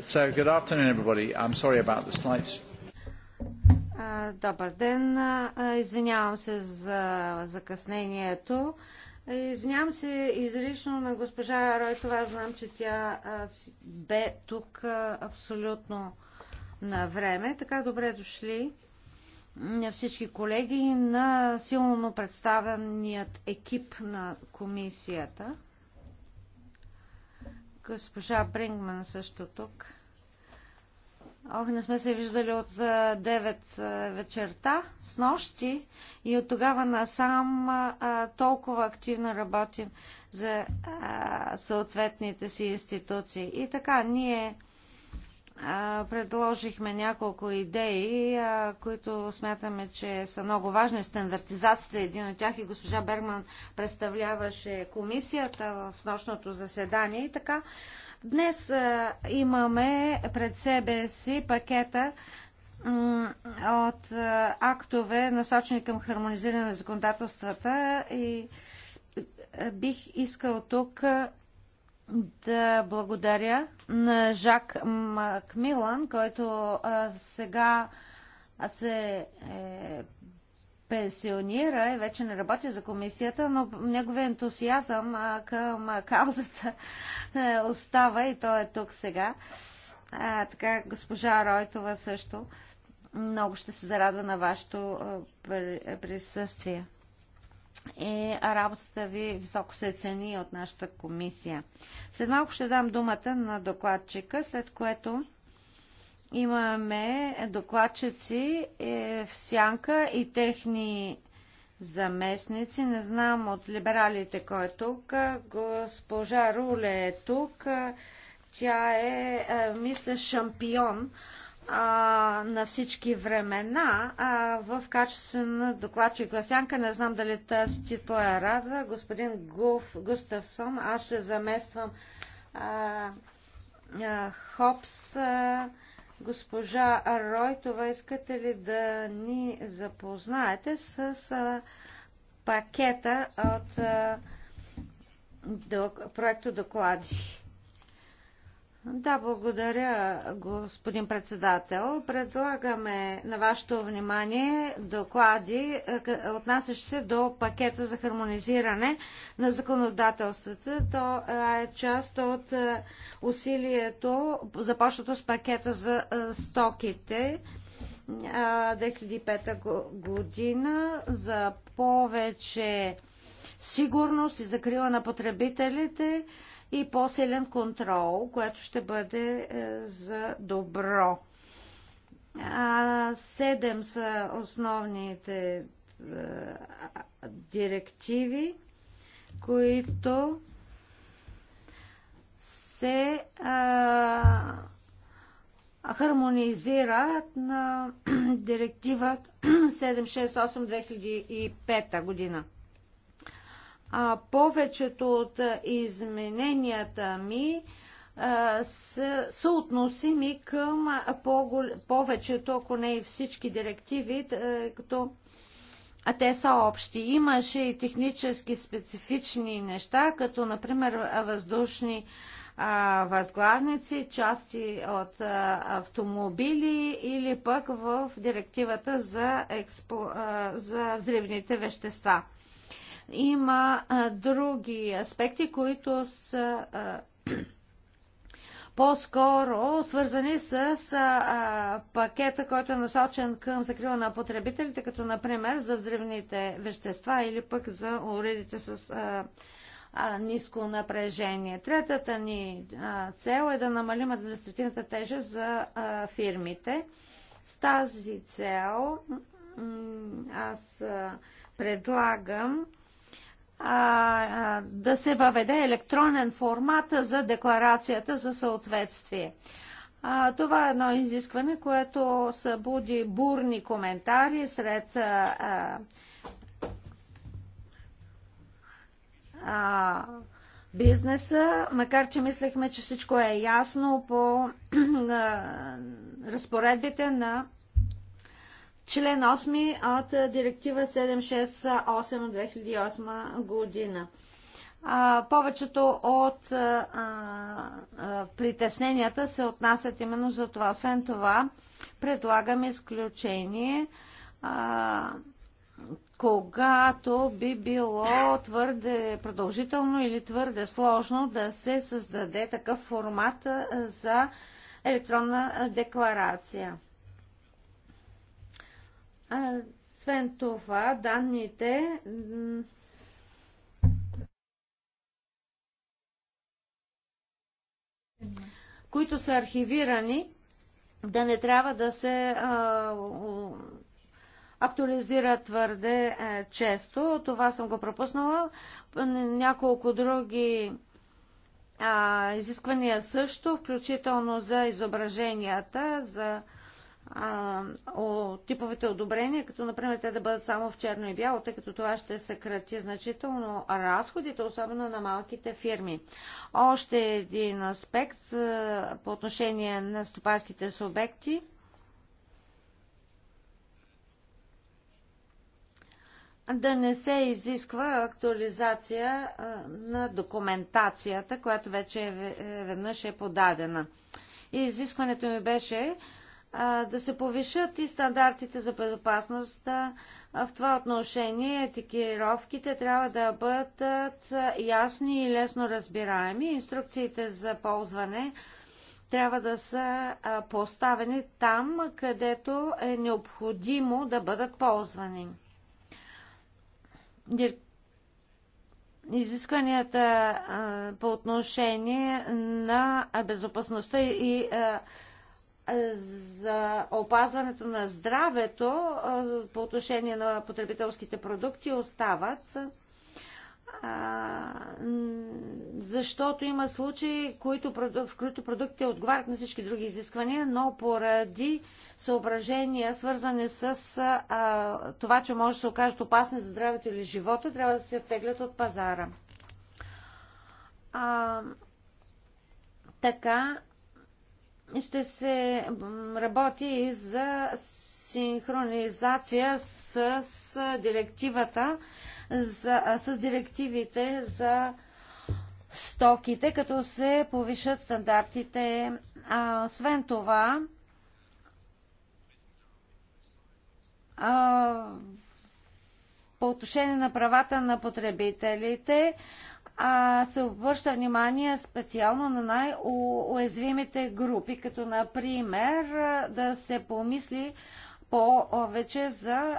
So, good afternoon, everybody. I'm sorry about the slight... Добър ден. Извинявам се за закъснението. Извинявам се изрично на госпожа Ройтова. Знам, че тя бе тук абсолютно на време. Така добре дошли на всички колеги на силно представеният екип на комисията. Госпожа Брингман също тук. Ох, не сме се виждали от 9 вечерта, с нощи и от тогава насам а, толкова активно работим за а, съответните си институции. И така, ние предложихме няколко идеи, които смятаме, че са много важни. Стандартизацията е един от тях и госпожа Бергман представляваше комисията в нощното заседание. И така, днес имаме пред себе си пакета от актове, насочени към хармонизиране на законодателствата и бих искал тук да благодаря на Жак Макмилан, който а, сега се е, пенсионира и вече не работи за комисията, но неговият ентусиазъм а, към а, каузата а, е, остава и той е тук сега. А, така, госпожа Ройтова също много ще се зарадва на вашето присъствие и е, работата ви високо се цени от нашата комисия. След малко ще дам думата на докладчика, след което имаме докладчици е, в сянка и техни заместници. Не знам от либералите кой е тук. Госпожа Руле е тук. Тя е, е мисля, шампион а, на всички времена. А, в качество на докладчик Васянка, не знам дали тази титла е радва, господин Гуф, Густавсон, аз ще замествам а, а, Хопс. А, госпожа Ройтова, искате ли да ни запознаете с а, пакета от а, до, проекто доклади? Да, благодаря, господин председател. Предлагаме на вашето внимание доклади, е, отнасящи се до пакета за хармонизиране на законодателствата. То е, е част от е, усилието, започнато с пакета за стоките. 2005 година за повече сигурност и закрила на потребителите, и по-силен контрол, което ще бъде е, за добро. Седем са основните е, директиви, които се хармонизират на директива 768-2005 година а повечето от измененията ми са, са относими към повечето, ако не и всички директиви, е, като а те са общи. Имаше и технически специфични неща, като например въздушни а, възглавници, части от а, автомобили или пък в директивата за, експо, а, за взривните вещества. Има а, други аспекти, които са по-скоро свързани с а, пакета, който е насочен към закрива на потребителите, като например за взривните вещества или пък за уредите с а, а, ниско напрежение. Третата ни а, цел е да намалим административната тежест за а, фирмите. С тази цел аз предлагам а, да се въведе електронен формат за декларацията за съответствие. А, това е едно изискване, което събуди бурни коментари сред а, а, бизнеса, макар че мислехме, че всичко е ясно по разпоредбите на член 8 от директива 768 2008 година. А, повечето от а, а, притесненията се отнасят именно за това. Освен това, предлагаме изключение, а, когато би било твърде продължително или твърде сложно да се създаде такъв формат за електронна декларация. Освен това, данните които са архивирани, да не трябва да се а, актуализира твърде е, често. Това съм го пропуснала. Няколко други а, изисквания също, включително за изображенията, за а, о типовите одобрения, като например те да бъдат само в черно и бяло, тъй като това ще съкрати значително разходите, особено на малките фирми. Още един аспект а, по отношение на стопанските субекти. Да не се изисква актуализация а, на документацията, която вече е, е веднъж е подадена. И изискването ми беше а, да се повишат и стандартите за безопасност. В това отношение етикировките трябва да бъдат ясни и лесно разбираеми. Инструкциите за ползване трябва да са поставени там, където е необходимо да бъдат ползвани. Изискванията по отношение на безопасността и за опазването на здравето по отношение на потребителските продукти остават, защото има случаи, в които продуктите отговарят на всички други изисквания, но поради съображения, свързани с това, че може да се окажат опасни за здравето или живота, трябва да се оттеглят от пазара. така ще се работи и за синхронизация с, с директивата, за, с директивите за стоките, като се повишат стандартите. А, освен това, а, по отношение на правата на потребителите, а, се обръща внимание специално на най-уязвимите групи, като например да се помисли повече за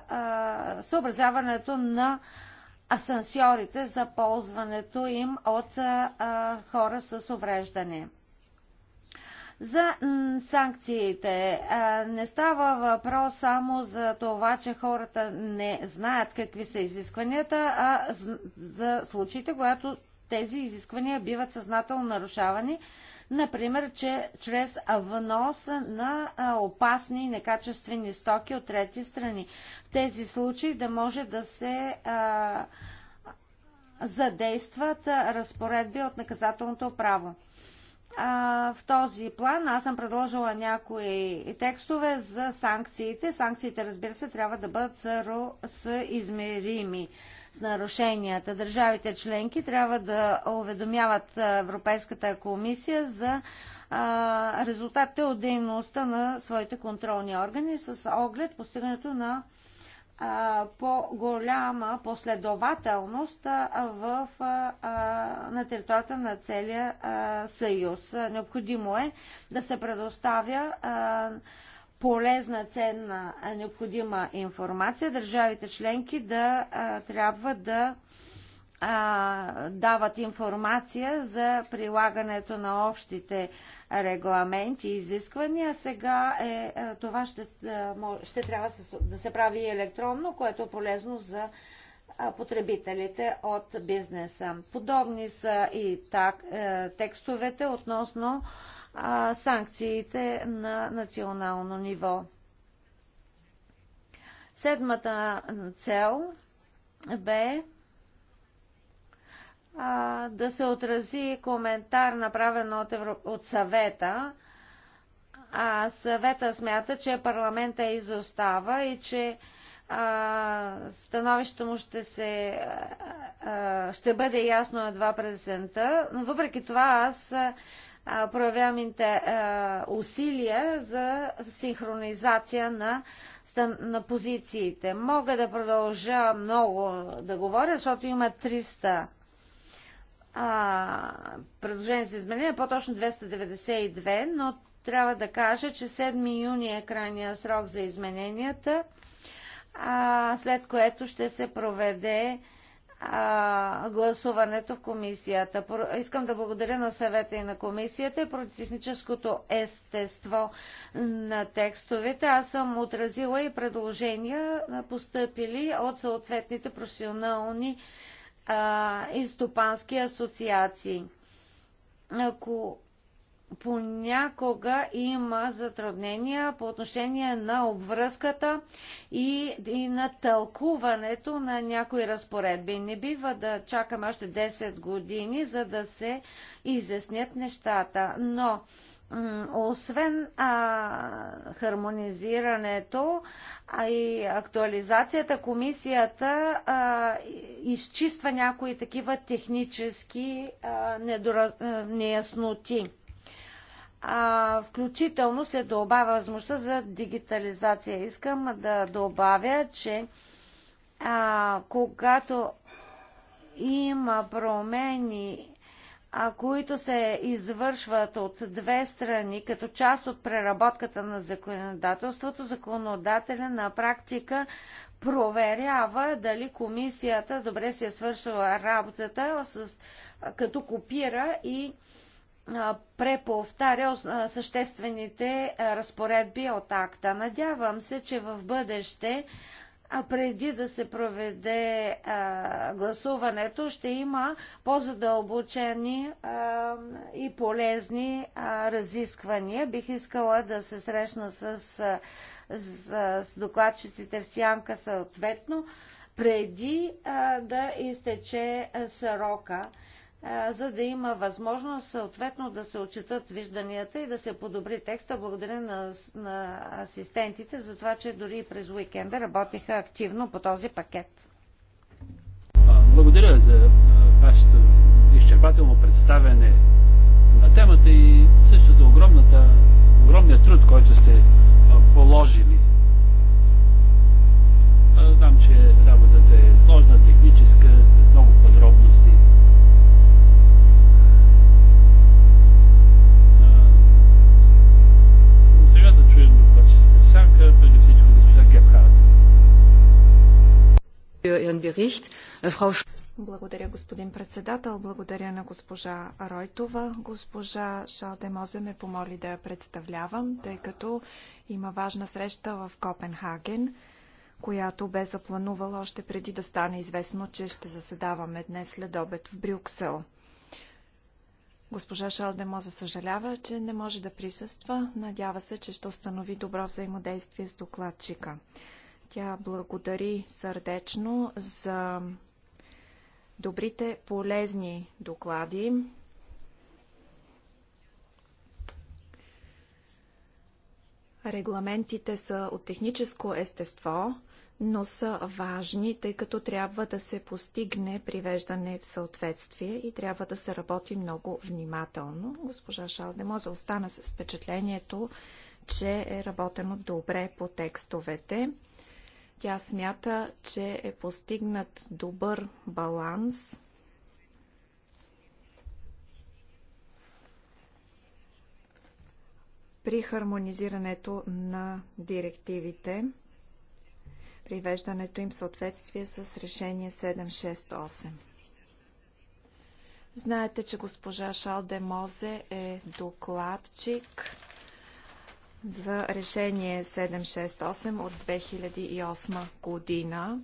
съобразяването на асансьорите за ползването им от хора с увреждане. За санкциите не става въпрос само за това, че хората не знаят какви са изискванията, а за случаите, когато тези изисквания биват съзнателно нарушавани, например, че чрез внос на опасни и некачествени стоки от трети страни. В тези случаи да може да се задействат разпоредби от наказателното право. в този план аз съм предложила някои текстове за санкциите. Санкциите, разбира се, трябва да бъдат съизмерими с нарушенията. Държавите членки трябва да уведомяват Европейската комисия за резултатите от дейността на своите контролни органи с оглед постигането на по-голяма последователност в, на територията на целия съюз. Необходимо е да се предоставя полезна, ценна, необходима информация, държавите членки да а, трябва да а, дават информация за прилагането на общите регламенти и изисквания. Сега е, това ще, ще трябва да се прави електронно, което е полезно за потребителите от бизнеса. Подобни са и так, е, текстовете относно а, санкциите на национално ниво. Седмата цел бе а, да се отрази коментар, направен от, Евро... от съвета. А съвета смята, че парламента изостава и че а, становището му ще, се, а, ще бъде ясно едва през есента. Въпреки това аз проявявам усилия за синхронизация на, на позициите. Мога да продължа много да говоря, защото има 300 а, предложения за изменения, по-точно 292, но трябва да кажа, че 7 юни е крайния срок за измененията, а, след което ще се проведе а, гласуването в комисията. Искам да благодаря на съвета и на комисията и про техническото естество на текстовете. Аз съм отразила и предложения, постъпили от съответните професионални а, и стопански асоциации. Ако понякога има затруднения по отношение на обвръзката и, и на тълкуването на някои разпоредби. Не бива да чакаме още 10 години, за да се изяснят нещата. Но освен а, хармонизирането а и актуализацията, комисията а, изчиства някои такива технически а, недора... неясноти а, включително се добавя възможността за дигитализация. Искам да добавя, че а, когато има промени, а, които се извършват от две страни, като част от преработката на законодателството, законодателя на практика проверява дали комисията добре си е свършила работата, с, като копира и а, преповтаря съществените разпоредби от акта. Надявам се, че в бъдеще, преди да се проведе гласуването, ще има по-задълбочени и полезни разисквания. Бих искала да се срещна с, с, с докладчиците в Сянка съответно, преди да изтече срока за да има възможност съответно да се отчитат вижданията и да се подобри текста. Благодаря на, на асистентите за това, че дори и през уикенда работиха активно по този пакет. Благодаря за вашето изчерпателно представяне на темата и също за огромната, огромния труд, който сте положили. Знам, че работата е сложна, техника. Äh, Благодаря, господин председател. Благодаря на госпожа Ройтова. Госпожа Шалдемозе ме помоли да я представлявам, тъй като има важна среща в Копенхаген, която бе запланувала още преди да стане известно, че ще заседаваме днес след обед в Брюксел. Госпожа Шалдемоза съжалява, че не може да присъства. Надява се, че ще установи добро взаимодействие с докладчика. Тя благодари сърдечно за добрите, полезни доклади. Регламентите са от техническо естество, но са важни, тъй като трябва да се постигне привеждане в съответствие и трябва да се работи много внимателно. Госпожа Шалдемоза остана с впечатлението, че е работено добре по текстовете. Тя смята, че е постигнат добър баланс при хармонизирането на директивите, привеждането им в съответствие с решение 768. Знаете, че госпожа Шалде Мозе е докладчик за решение 768 от 2008 година.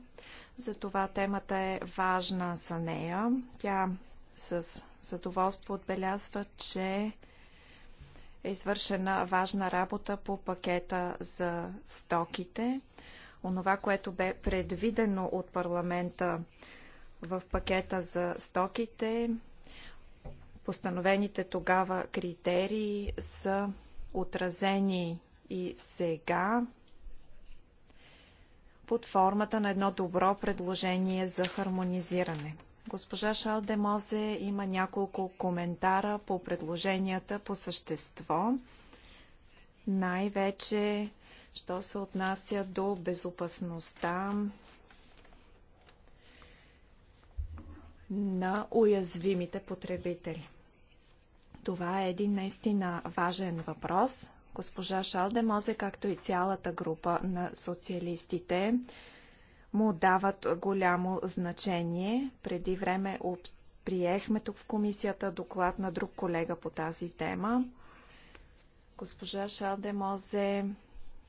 Затова темата е важна за нея. Тя с задоволство отбелязва, че е извършена важна работа по пакета за стоките. Онова, което бе предвидено от парламента в пакета за стоките, постановените тогава критерии са отразени и сега под формата на едно добро предложение за хармонизиране. Госпожа Шал Демозе има няколко коментара по предложенията по същество, най-вече, що се отнася до безопасността на уязвимите потребители. Това е един наистина важен въпрос. Госпожа Шалдемозе, както и цялата група на социалистите, му дават голямо значение. Преди време приехме тук в комисията доклад на друг колега по тази тема. Госпожа Шалдемозе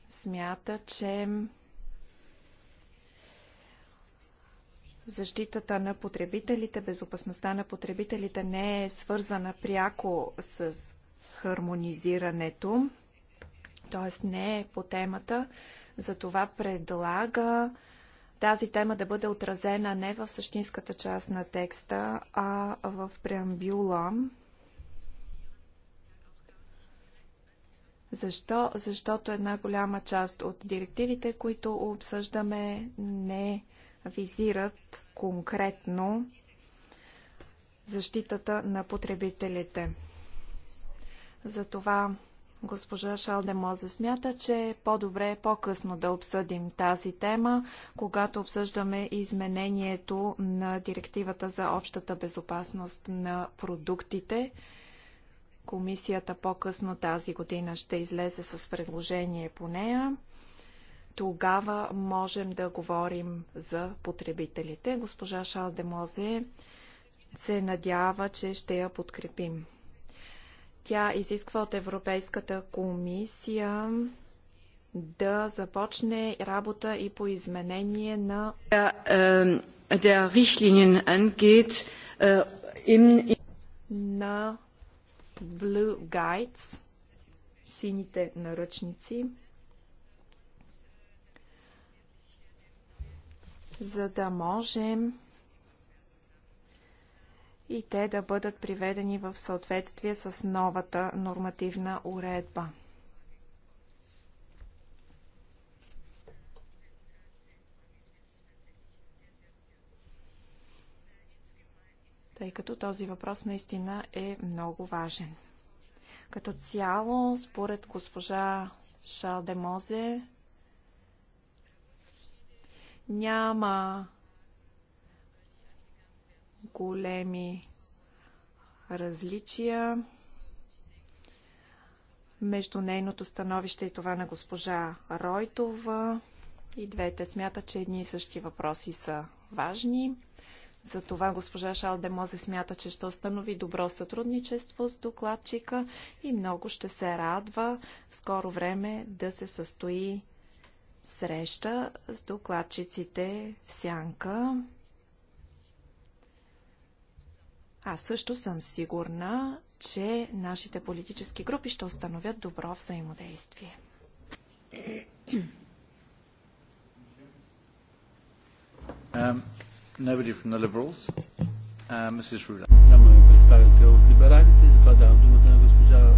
смята, че защитата на потребителите, безопасността на потребителите не е свързана пряко с хармонизирането, т.е. не е по темата. Затова предлага тази тема да бъде отразена не в същинската част на текста, а в преамбюла. Защо? Защото една голяма част от директивите, които обсъждаме, не е визират конкретно защитата на потребителите. Затова госпожа Шалде Мозе смята, че е по-добре по-късно да обсъдим тази тема, когато обсъждаме изменението на директивата за общата безопасност на продуктите. Комисията по-късно тази година ще излезе с предложение по нея тогава можем да говорим за потребителите. Госпожа Шалдемозе се надява, че ще я подкрепим. Тя изисква от Европейската комисия да започне работа и по изменение на е, е, е, на Blue Guides, сините наръчници, за да можем и те да бъдат приведени в съответствие с новата нормативна уредба. тъй като този въпрос наистина е много важен. Като цяло, според госпожа Шалдемозе, няма големи различия между нейното становище и това на госпожа Ройтова. И двете смятат, че едни и същи въпроси са важни. Затова госпожа Мозе смята, че ще установи добро сътрудничество с докладчика и много ще се радва в скоро време да се състои среща с докладчиците в Сянка. Аз също съм сигурна, че нашите политически групи ще установят добро взаимодействие. Um, nobody uh, Няма представител от либералите, затова давам думата на госпожа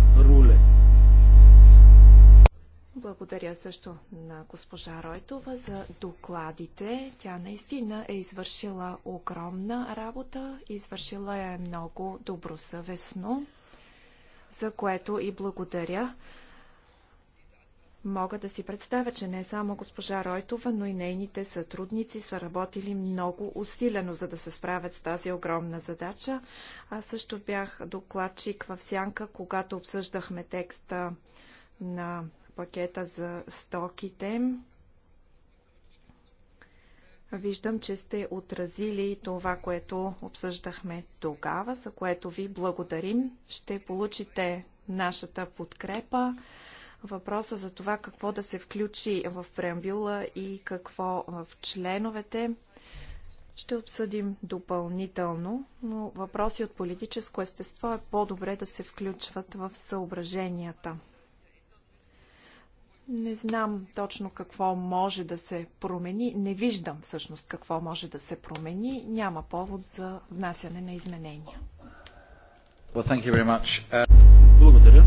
благодаря също на госпожа Ройтова за докладите. Тя наистина е извършила огромна работа, извършила е много добросъвестно, за което и благодаря. Мога да си представя, че не само госпожа Ройтова, но и нейните сътрудници са работили много усилено, за да се справят с тази огромна задача. Аз също бях докладчик в Сянка, когато обсъждахме текста на пакета за стоките. Виждам, че сте отразили това, което обсъждахме тогава, за което ви благодарим. Ще получите нашата подкрепа. Въпроса за това какво да се включи в преамбюла и какво в членовете ще обсъдим допълнително, но въпроси от политическо естество е по-добре да се включват в съображенията. Не знам точно какво може да се промени. Не виждам всъщност какво може да се промени. Няма повод за внасяне на изменения. Well, uh, Благодаря.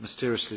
mysteriously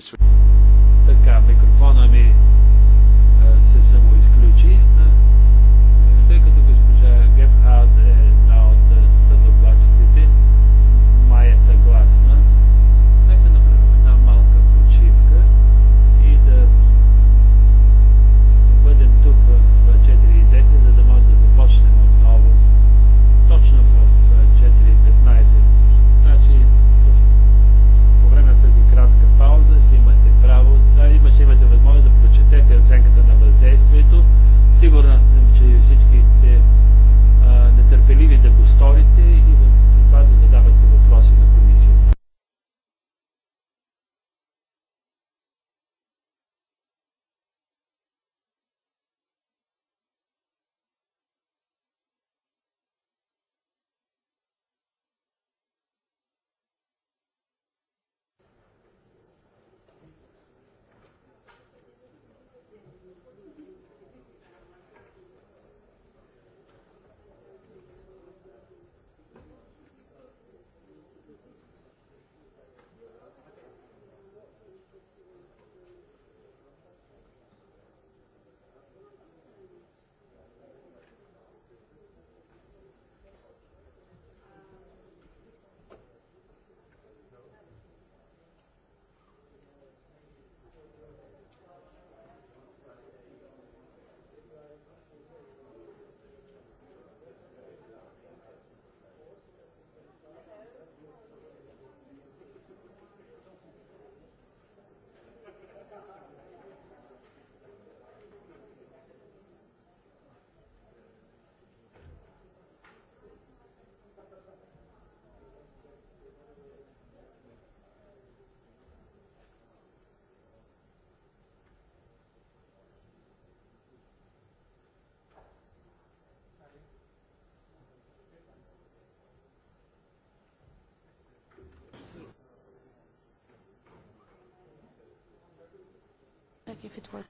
if it were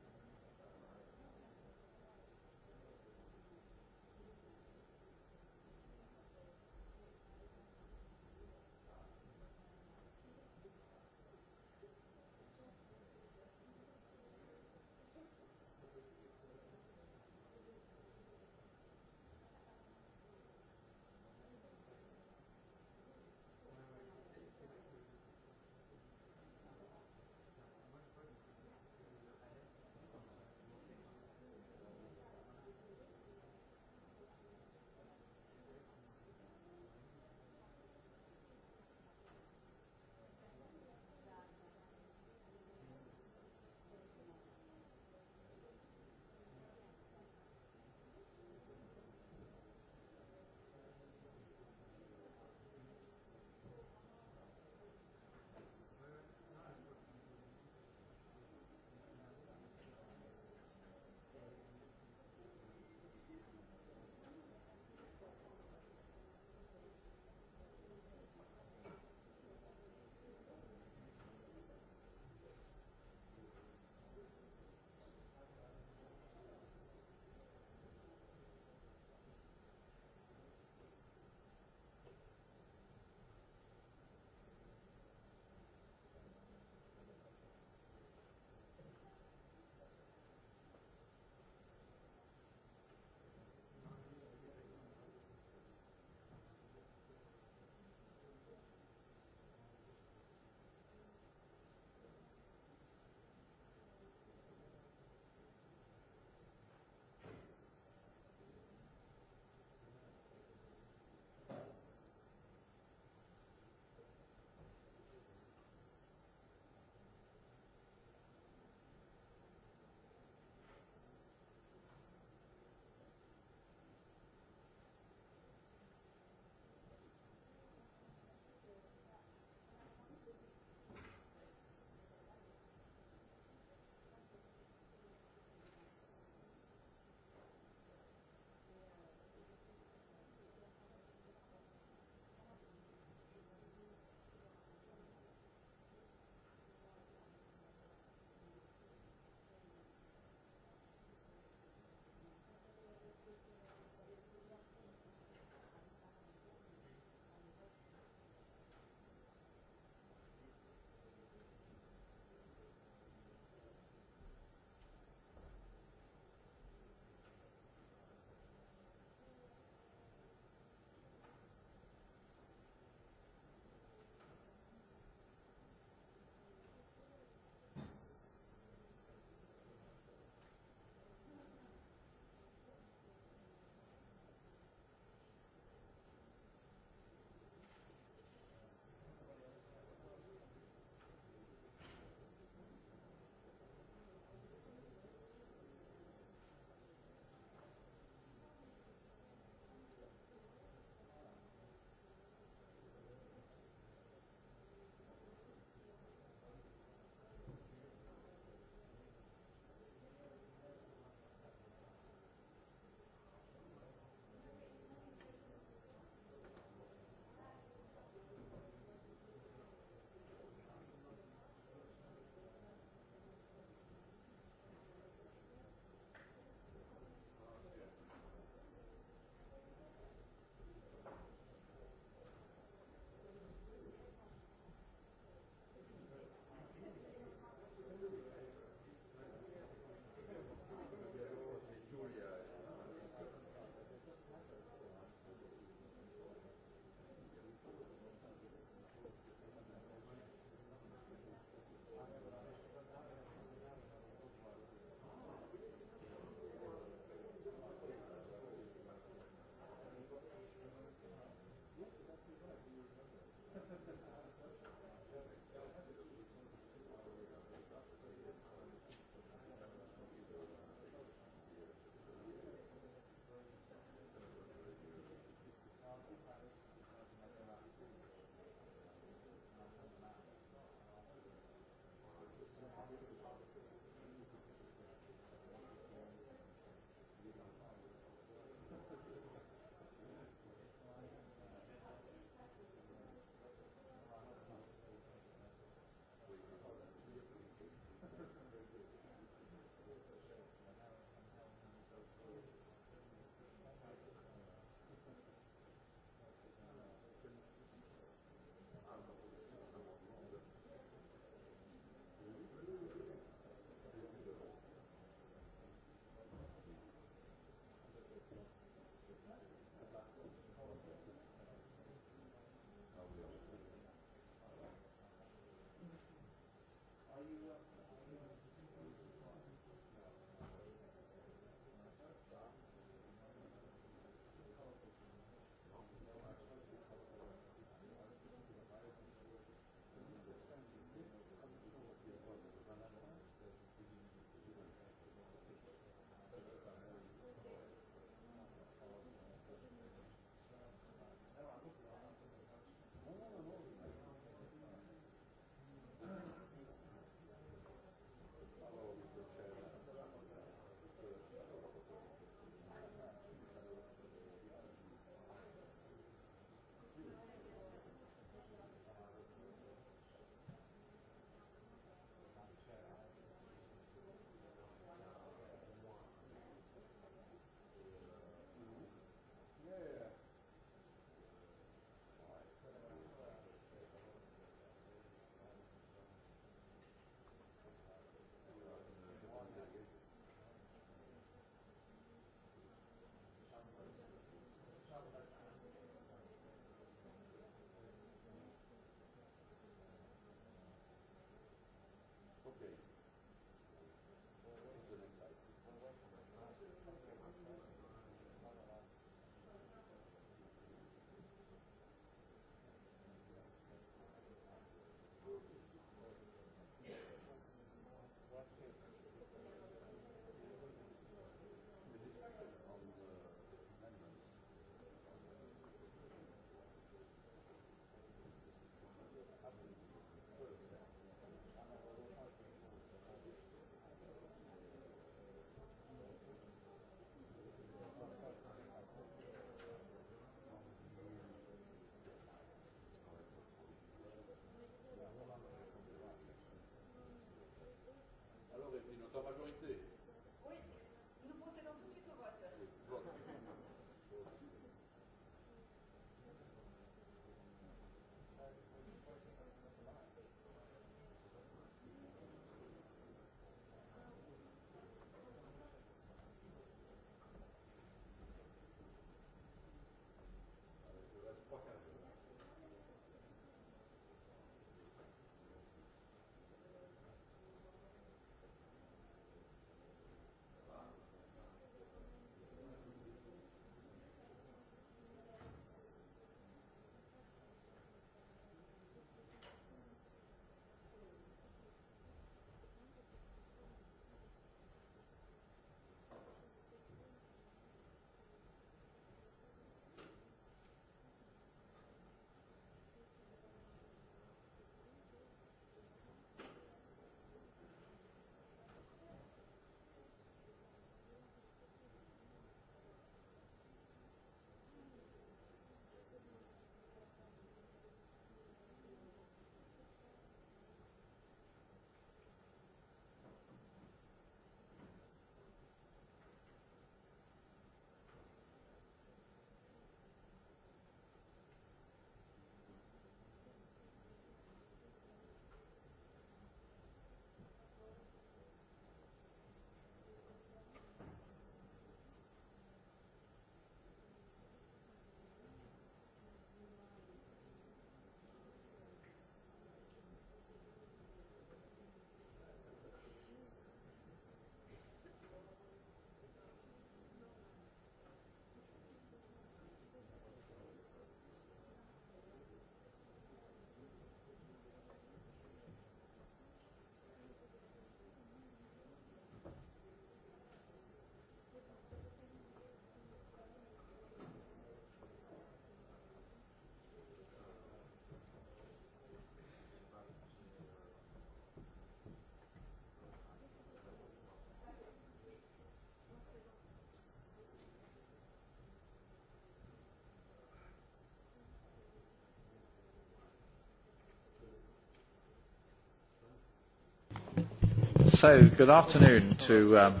good afternoon to, um...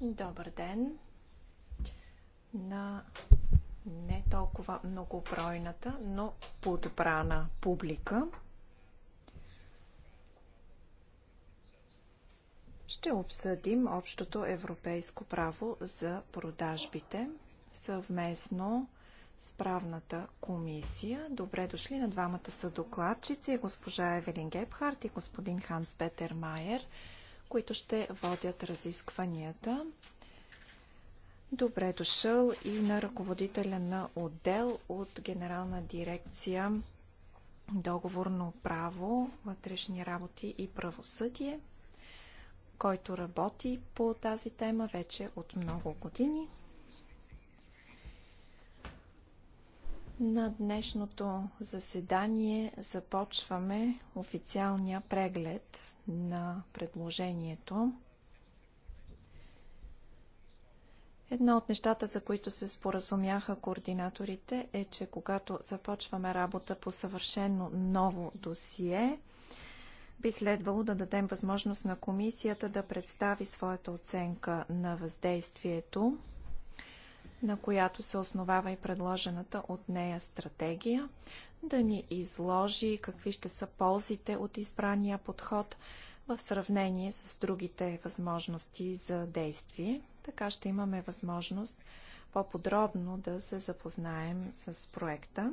Добър ден на не толкова многобройната, но подбрана публика. Ще обсъдим общото европейско право за продажбите съвместно с правната комисия. Добре дошли на двамата са докладчици, госпожа Евелин Гепхарт и господин Ханс Петер Майер, които ще водят разискванията. Добре дошъл и на ръководителя на отдел от Генерална дирекция договорно право, вътрешни работи и правосъдие, който работи по тази тема вече от много години. На днешното заседание започваме официалния преглед на предложението. Едно от нещата, за които се споразумяха координаторите, е, че когато започваме работа по съвършено ново досие, би следвало да дадем възможност на комисията да представи своята оценка на въздействието на която се основава и предложената от нея стратегия, да ни изложи какви ще са ползите от избрания подход в сравнение с другите възможности за действие. Така ще имаме възможност по-подробно да се запознаем с проекта.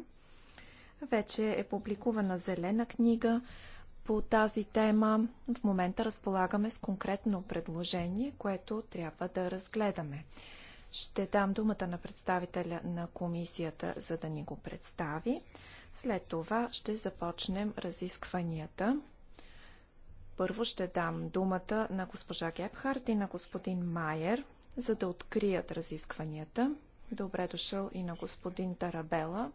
Вече е публикувана зелена книга по тази тема. В момента разполагаме с конкретно предложение, което трябва да разгледаме. Ще дам думата на представителя на комисията, за да ни го представи. След това ще започнем разискванията. Първо ще дам думата на госпожа Гепхард и на господин Майер, за да открият разискванията. Добре дошъл и на господин Тарабела.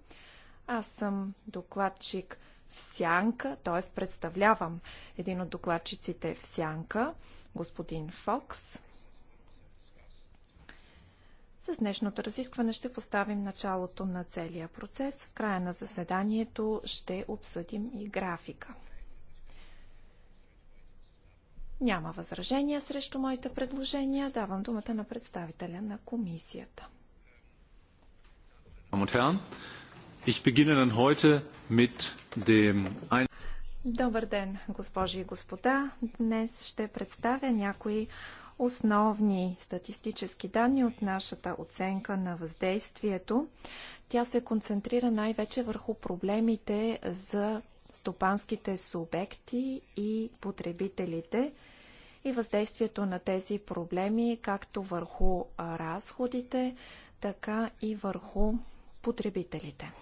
Аз съм докладчик в Сянка, т.е. представлявам един от докладчиците в Сянка, господин Фокс. С днешното разискване ще поставим началото на целия процес. В края на заседанието ще обсъдим и графика. Няма възражения срещу моите предложения. Давам думата на представителя на комисията. Добър ден, госпожи и господа. Днес ще представя някои основни статистически данни от нашата оценка на въздействието. Тя се концентрира най-вече върху проблемите за стопанските субекти и потребителите и въздействието на тези проблеми както върху разходите, така и върху потребителите.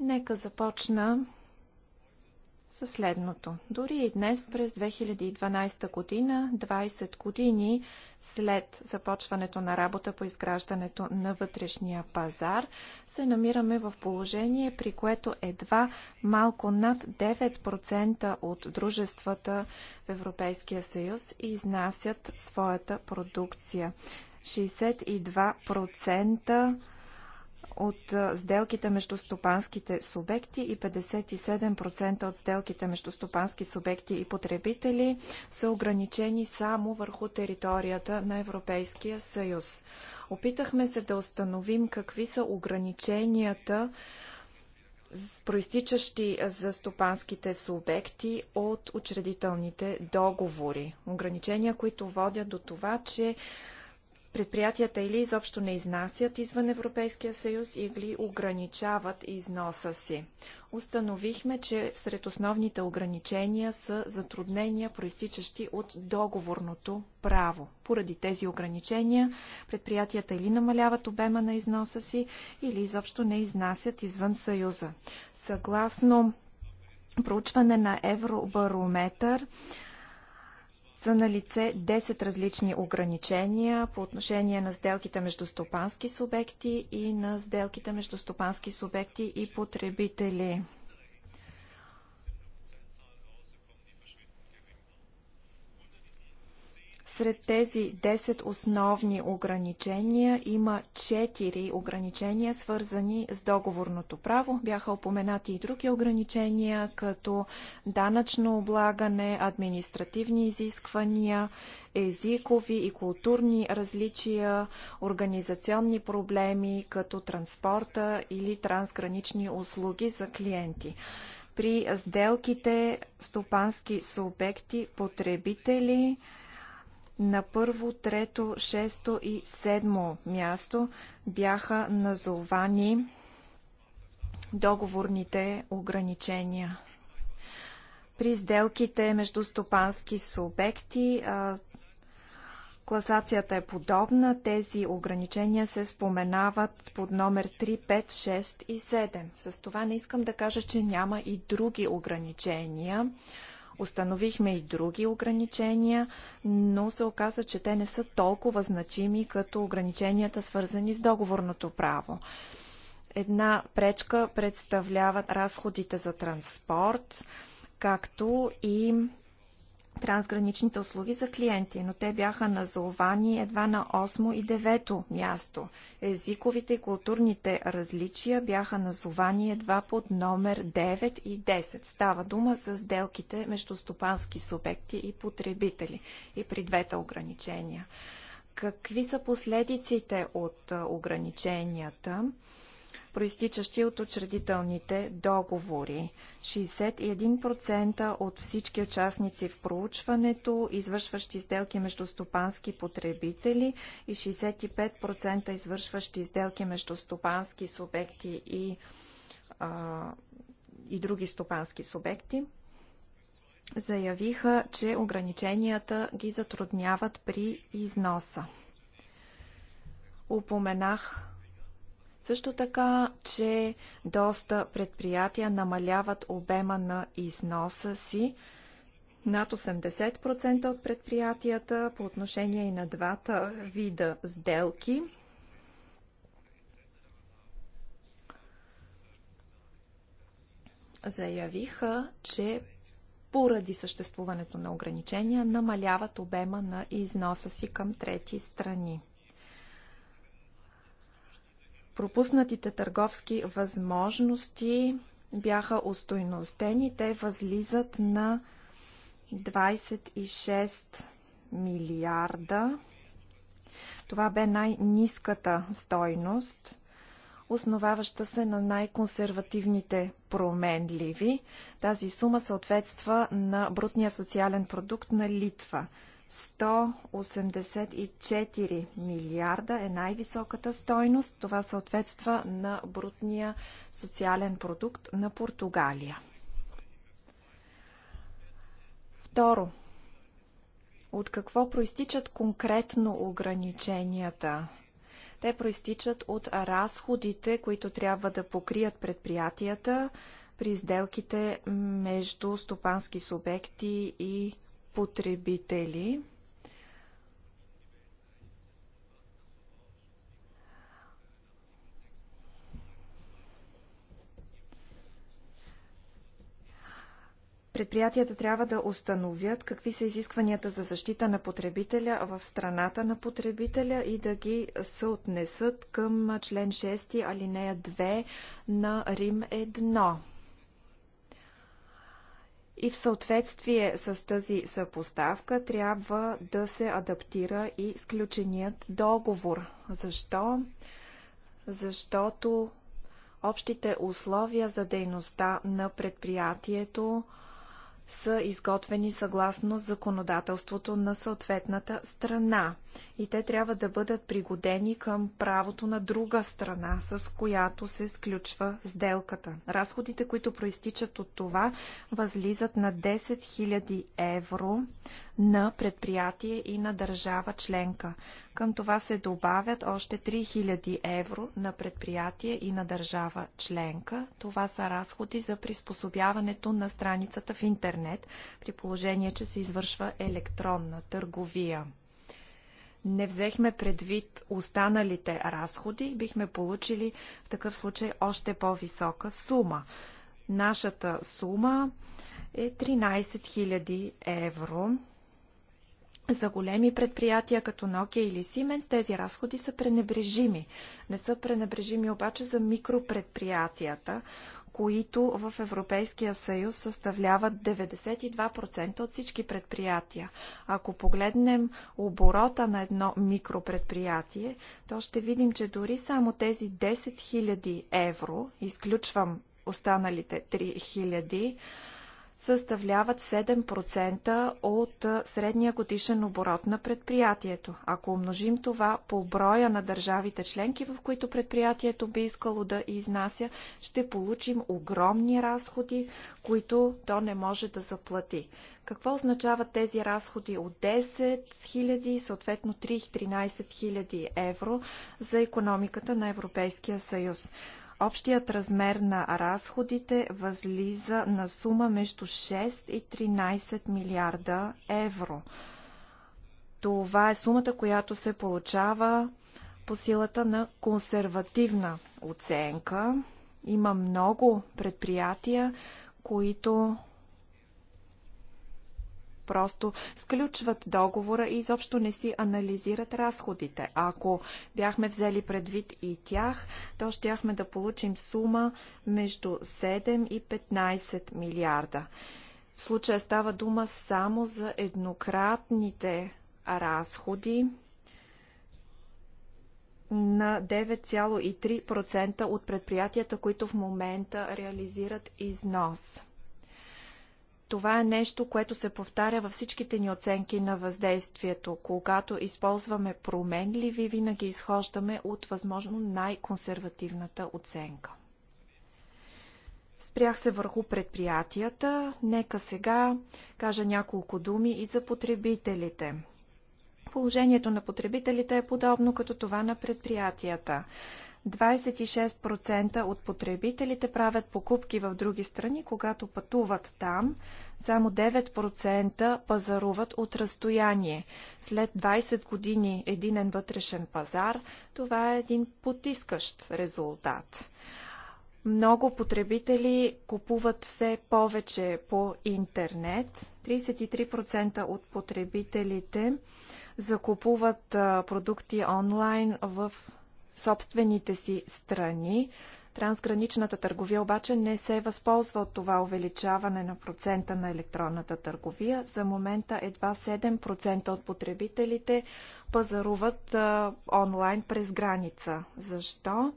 Нека започна със следното. Дори и днес, през 2012 година, 20 години след започването на работа по изграждането на вътрешния пазар, се намираме в положение, при което едва малко над 9% от дружествата в Европейския съюз изнасят своята продукция. 62% от сделките между стопанските субекти и 57% от сделките между стопански субекти и потребители са ограничени само върху територията на Европейския съюз. Опитахме се да установим какви са ограниченията проистичащи за стопанските субекти от учредителните договори. Ограничения, които водят до това, че предприятията или изобщо не изнасят извън Европейския съюз или ограничават износа си. Установихме, че сред основните ограничения са затруднения, проистичащи от договорното право. Поради тези ограничения предприятията или намаляват обема на износа си, или изобщо не изнасят извън Съюза. Съгласно проучване на Евробарометър, са на лице 10 различни ограничения по отношение на сделките между стопански субекти и на сделките между стопански субекти и потребители. Сред тези 10 основни ограничения има 4 ограничения, свързани с договорното право. Бяха опоменати и други ограничения, като данъчно облагане, административни изисквания, езикови и културни различия, организационни проблеми, като транспорта или трансгранични услуги за клиенти при сделките стопански субекти, потребители, на първо, трето, шесто и седмо място бяха назовани договорните ограничения. При сделките между стопански субекти класацията е подобна. Тези ограничения се споменават под номер 3, 5, 6 и 7. С това не искам да кажа, че няма и други ограничения. Установихме и други ограничения, но се оказа, че те не са толкова значими като ограниченията, свързани с договорното право. Една пречка представляват разходите за транспорт, както и трансграничните услуги за клиенти, но те бяха назовани едва на 8 и 9 място. Езиковите и културните различия бяха назовани едва под номер 9 и 10. Става дума за сделките между стопански субекти и потребители и при двете ограничения. Какви са последиците от ограниченията? проистичащи от учредителните договори. 61% от всички участници в проучването, извършващи сделки между стопански потребители и 65% извършващи сделки между стопански субекти и, а, и други стопански субекти заявиха, че ограниченията ги затрудняват при износа. Упоменах също така, че доста предприятия намаляват обема на износа си над 80% от предприятията по отношение и на двата вида сделки. Заявиха, че поради съществуването на ограничения намаляват обема на износа си към трети страни. Пропуснатите търговски възможности бяха устойностени. Те възлизат на 26 милиарда. Това бе най-низката стойност, основаваща се на най-консервативните променливи. Тази сума съответства на брутния социален продукт на Литва – 184 милиарда е най-високата стойност. Това съответства на брутния социален продукт на Португалия. Второ, от какво проистичат конкретно ограниченията? Те проистичат от разходите, които трябва да покрият предприятията при сделките между стопански субекти и потребители. Предприятията трябва да установят какви са изискванията за защита на потребителя в страната на потребителя и да ги съотнесат към член 6 алинея 2 на Рим 1. И в съответствие с тази съпоставка трябва да се адаптира и сключеният договор. Защо? Защото общите условия за дейността на предприятието – са изготвени съгласно законодателството на съответната страна и те трябва да бъдат пригодени към правото на друга страна, с която се сключва сделката. Разходите, които проистичат от това, възлизат на 10 000 евро на предприятие и на държава членка. Към това се добавят още 3000 евро на предприятие и на държава членка. Това са разходи за приспособяването на страницата в интернет, при положение, че се извършва електронна търговия не взехме предвид останалите разходи, бихме получили в такъв случай още по-висока сума. Нашата сума е 13 000 евро. За големи предприятия като Nokia или Siemens тези разходи са пренебрежими. Не са пренебрежими обаче за микропредприятията, които в Европейския съюз съставляват 92% от всички предприятия. Ако погледнем оборота на едно микропредприятие, то ще видим, че дори само тези 10 000 евро, изключвам останалите 3 000, съставляват 7% от средния годишен оборот на предприятието. Ако умножим това по броя на държавите членки, в които предприятието би искало да изнася, ще получим огромни разходи, които то не може да заплати. Какво означават тези разходи от 10 000, съответно 3-13 000 евро за економиката на Европейския съюз? Общият размер на разходите възлиза на сума между 6 и 13 милиарда евро. Това е сумата, която се получава по силата на консервативна оценка. Има много предприятия, които просто сключват договора и изобщо не си анализират разходите. Ако бяхме взели предвид и тях, то щяхме да получим сума между 7 и 15 милиарда. В случая става дума само за еднократните разходи на 9,3% от предприятията, които в момента реализират износ. Това е нещо, което се повтаря във всичките ни оценки на въздействието. Когато използваме променливи, винаги изхождаме от възможно най-консервативната оценка. Спрях се върху предприятията. Нека сега кажа няколко думи и за потребителите. Положението на потребителите е подобно като това на предприятията. 26% от потребителите правят покупки в други страни, когато пътуват там. Само 9% пазаруват от разстояние. След 20 години единен вътрешен пазар, това е един потискащ резултат. Много потребители купуват все повече по интернет. 33% от потребителите закупуват продукти онлайн в собствените си страни. Трансграничната търговия обаче не се възползва от това увеличаване на процента на електронната търговия. За момента едва 7% от потребителите пазаруват а, онлайн през граница. Защо?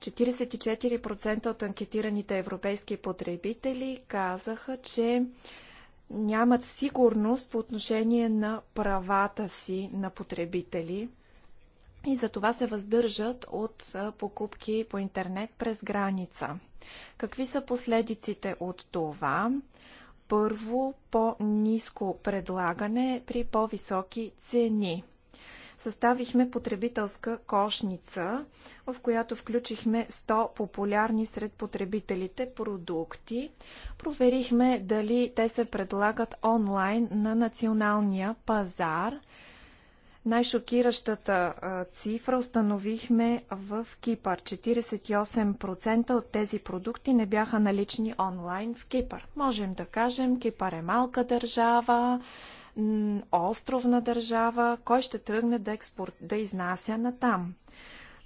44% от анкетираните европейски потребители казаха, че нямат сигурност по отношение на правата си на потребители и за това се въздържат от покупки по интернет през граница. Какви са последиците от това? Първо, по-низко предлагане при по-високи цени. Съставихме потребителска кошница, в която включихме 100 популярни сред потребителите продукти. Проверихме дали те се предлагат онлайн на националния пазар – най-шокиращата цифра установихме в Кипър. 48% от тези продукти не бяха налични онлайн в Кипър. Можем да кажем, Кипър е малка държава, островна държава, кой ще тръгне да, експорт, да изнася на там.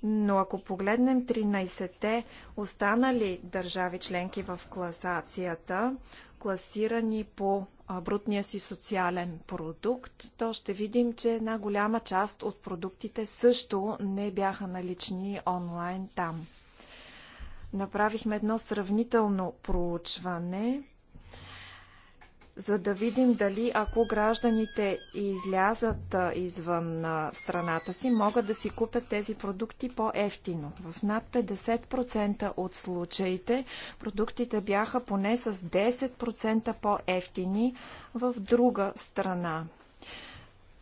Но ако погледнем 13-те останали държави членки в класацията, класирани по брутния си социален продукт, то ще видим, че една голяма част от продуктите също не бяха налични онлайн там. Направихме едно сравнително проучване – за да видим дали ако гражданите излязат извън страната си, могат да си купят тези продукти по-ефтино. В над 50% от случаите продуктите бяха поне с 10% по-ефтини в друга страна.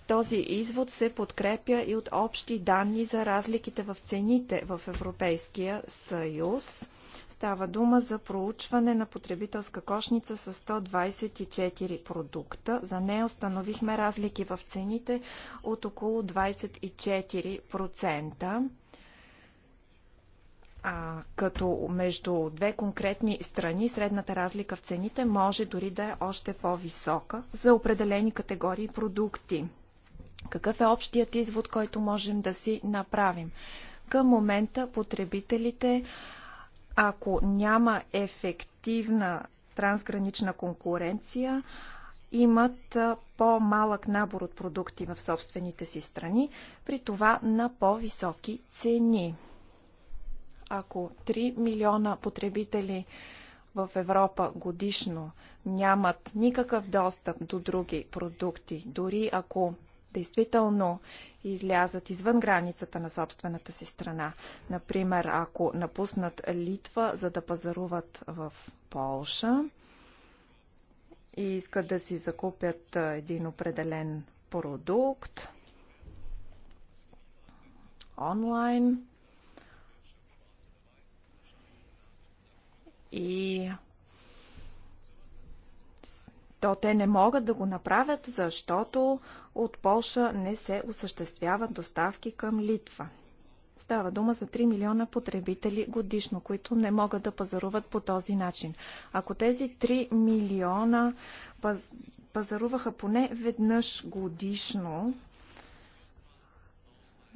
Този извод се подкрепя и от общи данни за разликите в цените в Европейския съюз – Става дума за проучване на потребителска кошница с 124 продукта. За нея установихме разлики в цените от около 24%. А, като между две конкретни страни средната разлика в цените може дори да е още по-висока за определени категории продукти. Какъв е общият извод, който можем да си направим? Към момента потребителите ако няма ефективна трансгранична конкуренция, имат по-малък набор от продукти в собствените си страни, при това на по-високи цени. Ако 3 милиона потребители в Европа годишно нямат никакъв достъп до други продукти, дори ако действително излязат извън границата на собствената си страна. Например, ако напуснат Литва, за да пазаруват в Полша и искат да си закупят един определен продукт онлайн и то те не могат да го направят, защото от Полша не се осъществяват доставки към Литва. Става дума за 3 милиона потребители годишно, които не могат да пазаруват по този начин. Ако тези 3 милиона паз... пазаруваха поне веднъж годишно,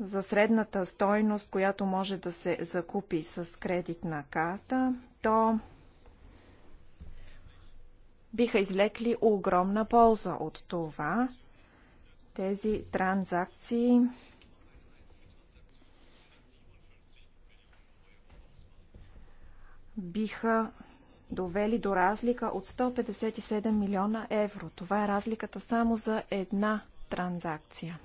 за средната стойност, която може да се закупи с кредитна карта, то биха извлекли огромна полза от това. Тези транзакции биха довели до разлика от 157 милиона евро. Това е разликата само за една транзакция.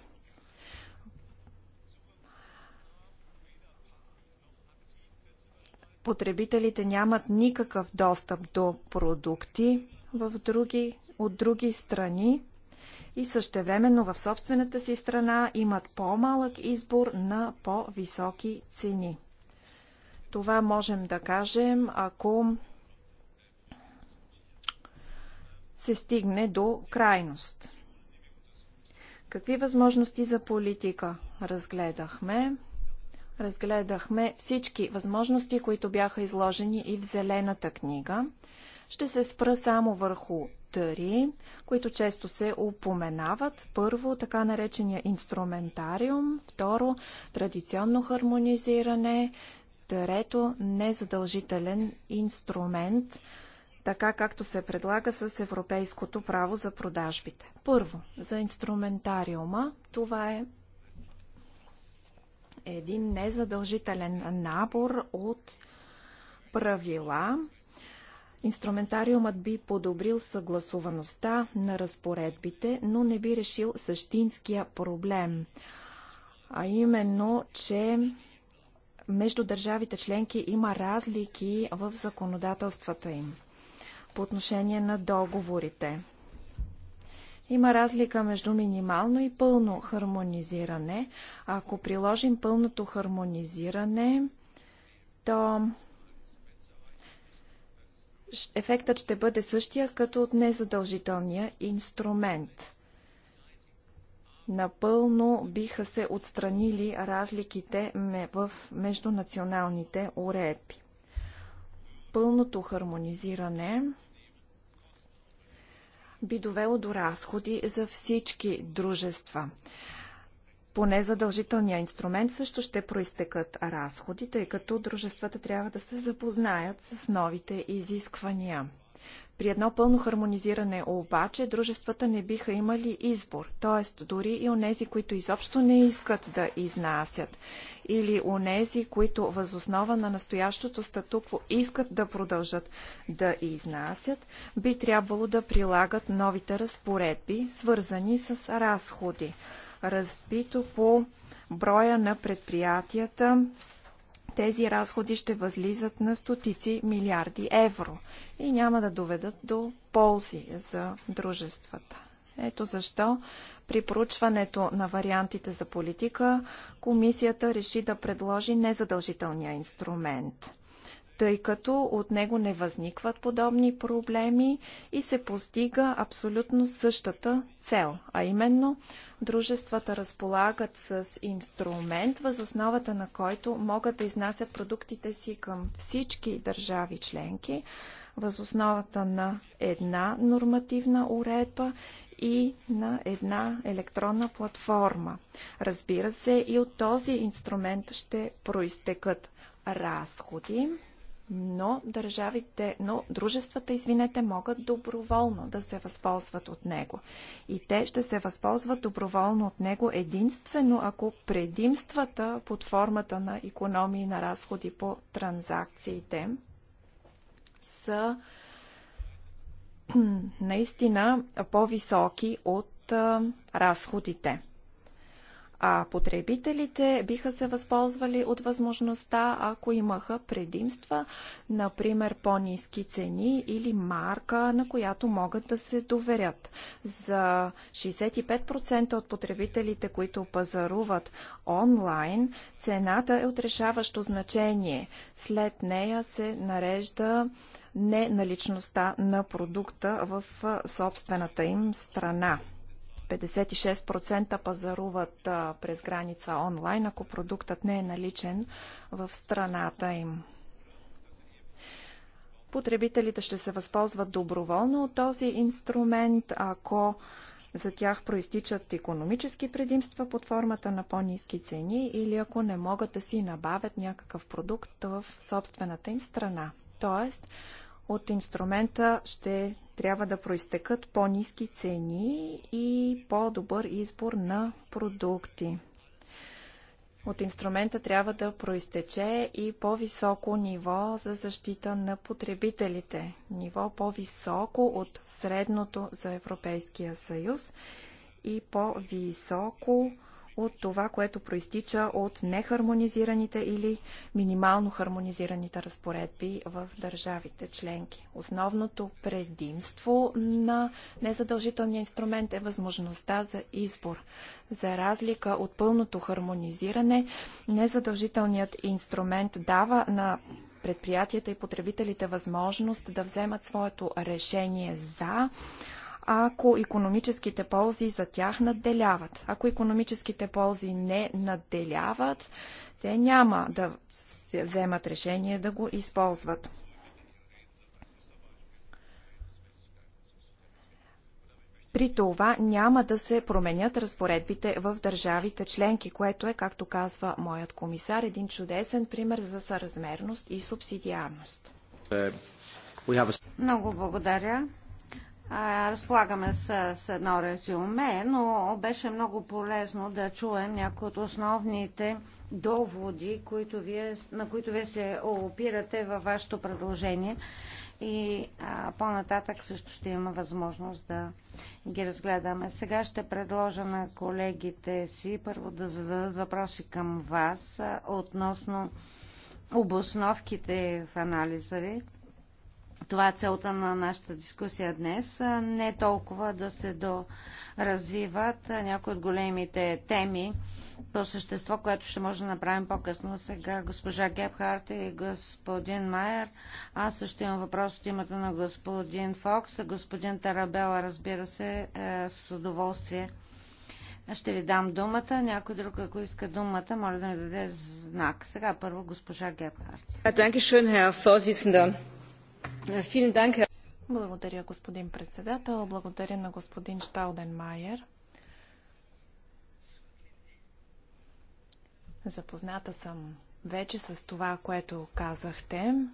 Потребителите нямат никакъв достъп до продукти, в други, от други страни и същевременно в собствената си страна имат по-малък избор на по-високи цени. Това можем да кажем, ако се стигне до крайност. Какви възможности за политика разгледахме? Разгледахме всички възможности, които бяха изложени и в Зелената книга – ще се спра само върху три, които често се упоменават. Първо, така наречения инструментариум. Второ, традиционно хармонизиране. Трето, незадължителен инструмент, така както се предлага с европейското право за продажбите. Първо, за инструментариума. Това е един незадължителен набор от правила, Инструментариумът би подобрил съгласуваността на разпоредбите, но не би решил същинския проблем, а именно, че между държавите членки има разлики в законодателствата им по отношение на договорите. Има разлика между минимално и пълно хармонизиране. Ако приложим пълното хармонизиране, то ефектът ще бъде същия като от незадължителния инструмент. Напълно биха се отстранили разликите в междунационалните уредби. Пълното хармонизиране би довело до разходи за всички дружества по незадължителния инструмент също ще проистекат разходи, тъй като дружествата трябва да се запознаят с новите изисквания. При едно пълно хармонизиране обаче дружествата не биха имали избор, т.е. дори и онези, които изобщо не искат да изнасят или онези, които възоснова на настоящото статукво искат да продължат да изнасят, би трябвало да прилагат новите разпоредби, свързани с разходи разбито по броя на предприятията, тези разходи ще възлизат на стотици милиарди евро и няма да доведат до ползи за дружествата. Ето защо при проучването на вариантите за политика комисията реши да предложи незадължителния инструмент тъй като от него не възникват подобни проблеми и се постига абсолютно същата цел, а именно дружествата разполагат с инструмент, възосновата на който могат да изнасят продуктите си към всички държави членки, възосновата на една нормативна уредба и на една електронна платформа. Разбира се, и от този инструмент ще проистекат разходи но държавите, но дружествата, извинете, могат доброволно да се възползват от него. И те ще се възползват доброволно от него единствено, ако предимствата под формата на економии на разходи по транзакциите са наистина по-високи от разходите а потребителите биха се възползвали от възможността, ако имаха предимства, например по-низки цени или марка, на която могат да се доверят. За 65% от потребителите, които пазаруват онлайн, цената е отрешаващо значение. След нея се нарежда не наличността на продукта в собствената им страна. 56% пазаруват през граница онлайн, ако продуктът не е наличен в страната им. Потребителите ще се възползват доброволно от този инструмент, ако за тях проистичат економически предимства под формата на по-низки цени или ако не могат да си набавят някакъв продукт в собствената им страна. Тоест, от инструмента ще трябва да проистекат по-низки цени и по-добър избор на продукти. От инструмента трябва да проистече и по-високо ниво за защита на потребителите. Ниво по-високо от средното за Европейския съюз и по-високо от това, което проистича от нехармонизираните или минимално хармонизираните разпоредби в държавите членки. Основното предимство на незадължителния инструмент е възможността за избор. За разлика от пълното хармонизиране, незадължителният инструмент дава на предприятията и потребителите възможност да вземат своето решение за ако економическите ползи за тях надделяват. Ако економическите ползи не надделяват, те няма да се вземат решение да го използват. При това няма да се променят разпоредбите в държавите членки, което е, както казва моят комисар, един чудесен пример за съразмерност и субсидиарност. Е, Много благодаря разполагаме с, с едно резюме, но беше много полезно да чуем някои от основните доводи, които вие, на които вие се опирате във вашето предложение и по-нататък също ще има възможност да ги разгледаме. Сега ще предложа на колегите си първо да зададат въпроси към вас а, относно обосновките в анализа ви това е целта на нашата дискусия днес. Не толкова да се доразвиват някои от големите теми по същество, което ще може да направим по-късно. Сега госпожа Гебхарт и господин Майер. Аз също имам въпрос от името на господин Фокс. Господин Тарабела, разбира се, е, с удоволствие. Ще ви дам думата. Някой друг, ако иска думата, моля да ми даде знак. Сега първо госпожа Гебхарт. Благодаря, господин председател. Благодаря на господин Шталденмайер. Запозната съм вече с това, което казахте.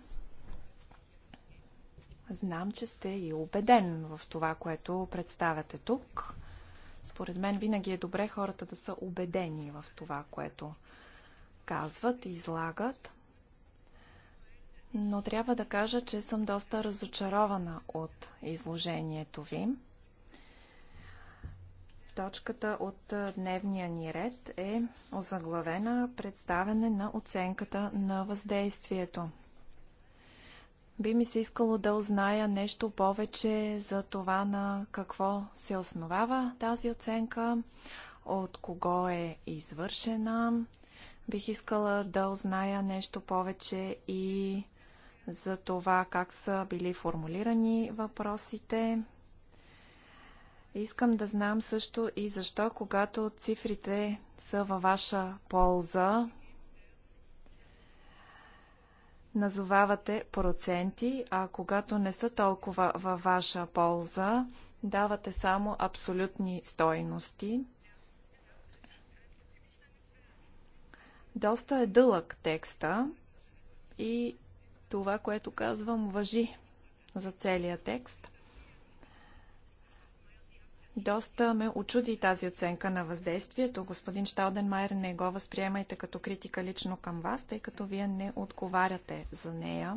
Знам, че сте и убеден в това, което представяте тук. Според мен винаги е добре хората да са убедени в това, което казват и излагат но трябва да кажа, че съм доста разочарована от изложението ви. Точката от дневния ни ред е озаглавена представене на оценката на въздействието. Би ми се искало да узная нещо повече за това на какво се основава тази оценка, от кого е извършена. Бих искала да узная нещо повече и за това как са били формулирани въпросите. Искам да знам също и защо, когато цифрите са във ваша полза, назовавате проценти, а когато не са толкова във ваша полза, давате само абсолютни стойности. Доста е дълъг текста и това, което казвам, въжи за целия текст. Доста ме очуди тази оценка на въздействието. Господин Шталденмайер, не го възприемайте като критика лично към вас, тъй като вие не отговаряте за нея.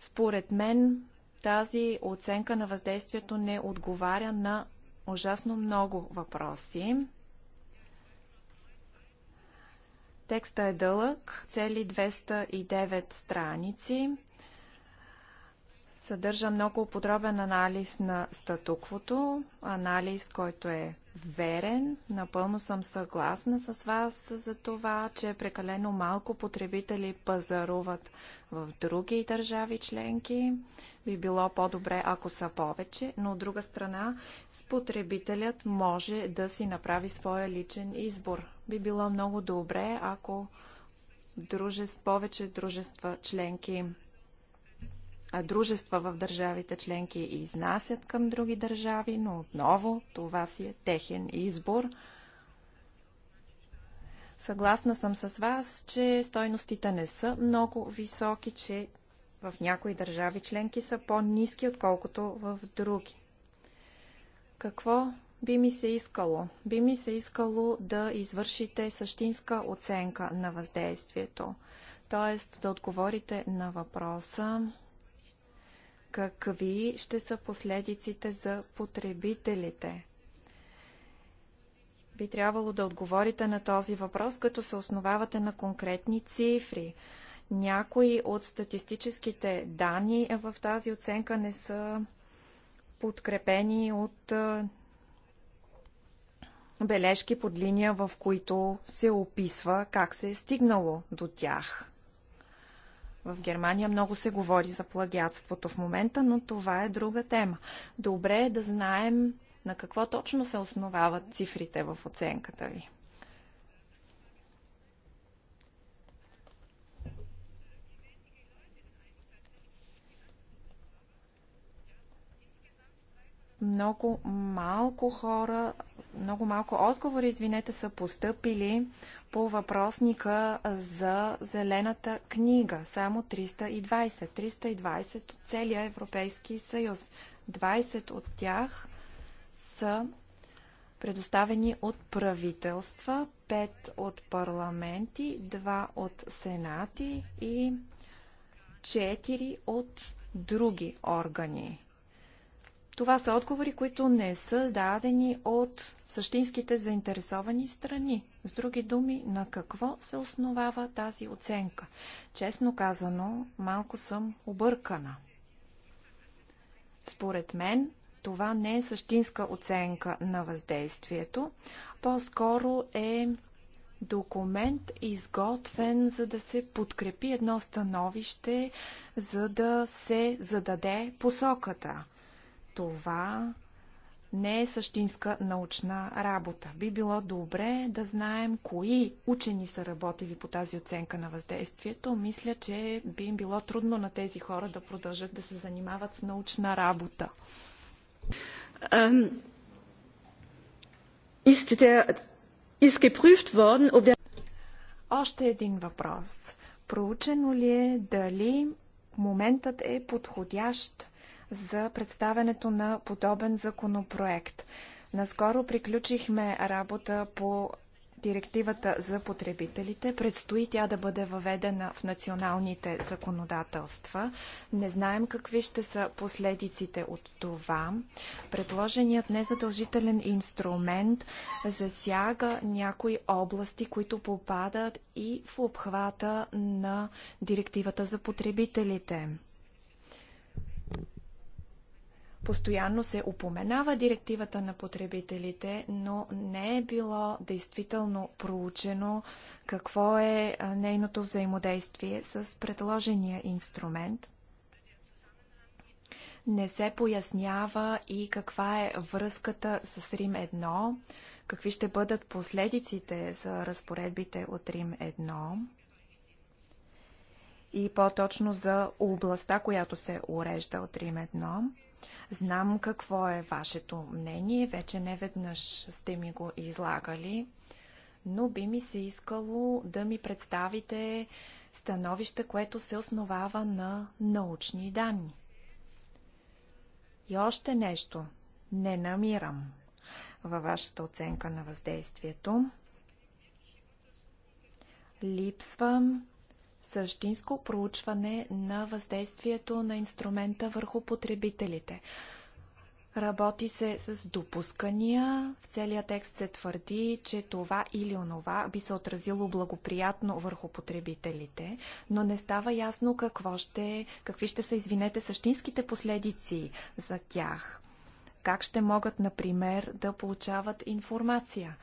Според мен тази оценка на въздействието не отговаря на ужасно много въпроси. Текста е дълъг, цели 209 страници. Съдържа много подробен анализ на статуквото, анализ, който е верен. Напълно съм съгласна с вас за това, че прекалено малко потребители пазаруват в други държави членки. Би било по-добре, ако са повече, но от друга страна потребителят може да си направи своя личен избор. Би било много добре, ако дружеств, повече дружества членки а дружества в държавите членки изнасят към други държави, но отново това си е техен избор. Съгласна съм с вас, че стойностите не са много високи, че в някои държави членки са по-низки, отколкото в други. Какво би ми се искало? Би ми се искало да извършите същинска оценка на въздействието, т.е. да отговорите на въпроса какви ще са последиците за потребителите. Би трябвало да отговорите на този въпрос, като се основавате на конкретни цифри. Някои от статистическите данни в тази оценка не са подкрепени от бележки под линия, в които се описва как се е стигнало до тях. В Германия много се говори за плагиатството в момента, но това е друга тема. Добре е да знаем на какво точно се основават цифрите в оценката ви. много малко хора, много малко отговори, извинете, са поступили по въпросника за зелената книга. Само 320. 320 от целия Европейски съюз. 20 от тях са предоставени от правителства, 5 от парламенти, 2 от сенати и 4 от други органи. Това са отговори, които не са дадени от същинските заинтересовани страни. С други думи, на какво се основава тази оценка? Честно казано, малко съм объркана. Според мен, това не е същинска оценка на въздействието, по-скоро е документ изготвен, за да се подкрепи едно становище, за да се зададе посоката – това не е същинска научна работа. Би било добре да знаем кои учени са работили по тази оценка на въздействието. Мисля, че би им било трудно на тези хора да продължат да се занимават с научна работа. Още един въпрос. Проучено ли е дали моментът е подходящ за представенето на подобен законопроект. Наскоро приключихме работа по директивата за потребителите. Предстои тя да бъде въведена в националните законодателства. Не знаем какви ще са последиците от това. Предложеният незадължителен инструмент засяга някои области, които попадат и в обхвата на директивата за потребителите. Постоянно се упоменава директивата на потребителите, но не е било действително проучено какво е нейното взаимодействие с предложения инструмент. Не се пояснява и каква е връзката с Рим 1, какви ще бъдат последиците за разпоредбите от Рим 1 и по-точно за областта, която се урежда от Рим 1. Знам какво е вашето мнение, вече не веднъж сте ми го излагали, но би ми се искало да ми представите становище, което се основава на научни данни. И още нещо не намирам във вашата оценка на въздействието. Липсвам същинско проучване на въздействието на инструмента върху потребителите. Работи се с допускания. В целия текст се твърди, че това или онова би се отразило благоприятно върху потребителите, но не става ясно какво ще, какви ще са, извинете, същинските последици за тях. Как ще могат, например, да получават информация?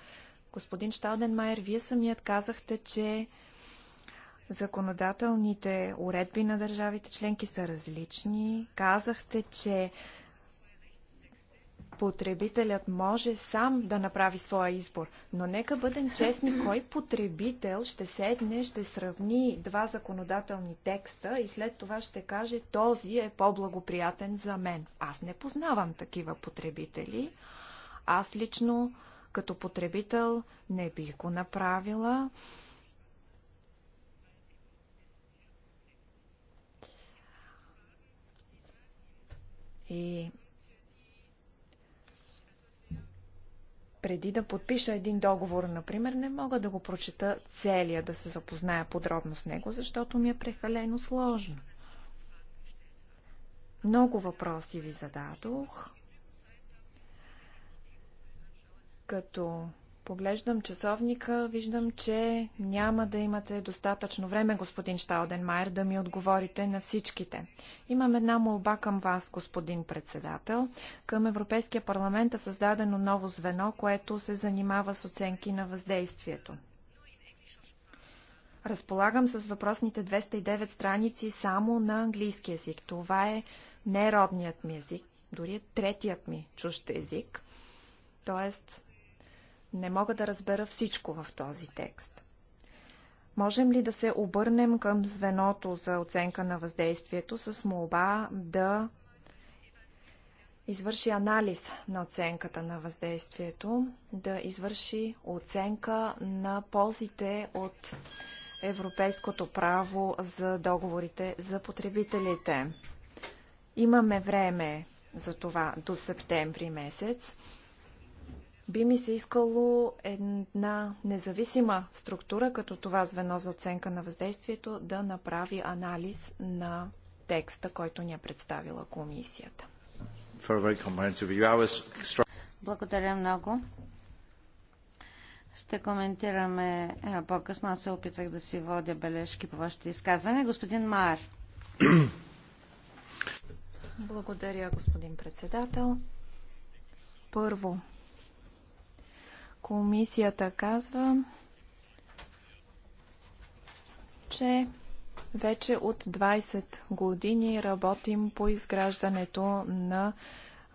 Господин Шталденмайер, вие самият казахте, че Законодателните уредби на държавите членки са различни. Казахте, че потребителят може сам да направи своя избор. Но нека бъдем честни, кой потребител ще седне, ще сравни два законодателни текста и след това ще каже този е по-благоприятен за мен. Аз не познавам такива потребители. Аз лично като потребител не бих го направила. И преди да подпиша един договор, например, не мога да го прочета целия, да се запозная подробно с него, защото ми е прекалено сложно. Много въпроси ви зададох. Като Поглеждам часовника, виждам, че няма да имате достатъчно време, господин Шталденмайер, да ми отговорите на всичките. Имам една молба към вас, господин председател. Към Европейския парламент е създадено ново звено, което се занимава с оценки на въздействието. Разполагам с въпросните 209 страници само на английски език. Това е неродният ми език, дори е третият ми чущ език. Тоест, не мога да разбера всичко в този текст. Можем ли да се обърнем към звеното за оценка на въздействието с молба да извърши анализ на оценката на въздействието, да извърши оценка на ползите от европейското право за договорите за потребителите. Имаме време за това до септември месец. Би ми се искало една независима структура, като това звено за оценка на въздействието, да направи анализ на текста, който ни е представила комисията. Благодаря много. Ще коментираме по-късно. Аз се опитах да си водя бележки по вашето изказване. Господин Мар. Благодаря, господин председател. Първо, Комисията казва, че вече от 20 години работим по изграждането на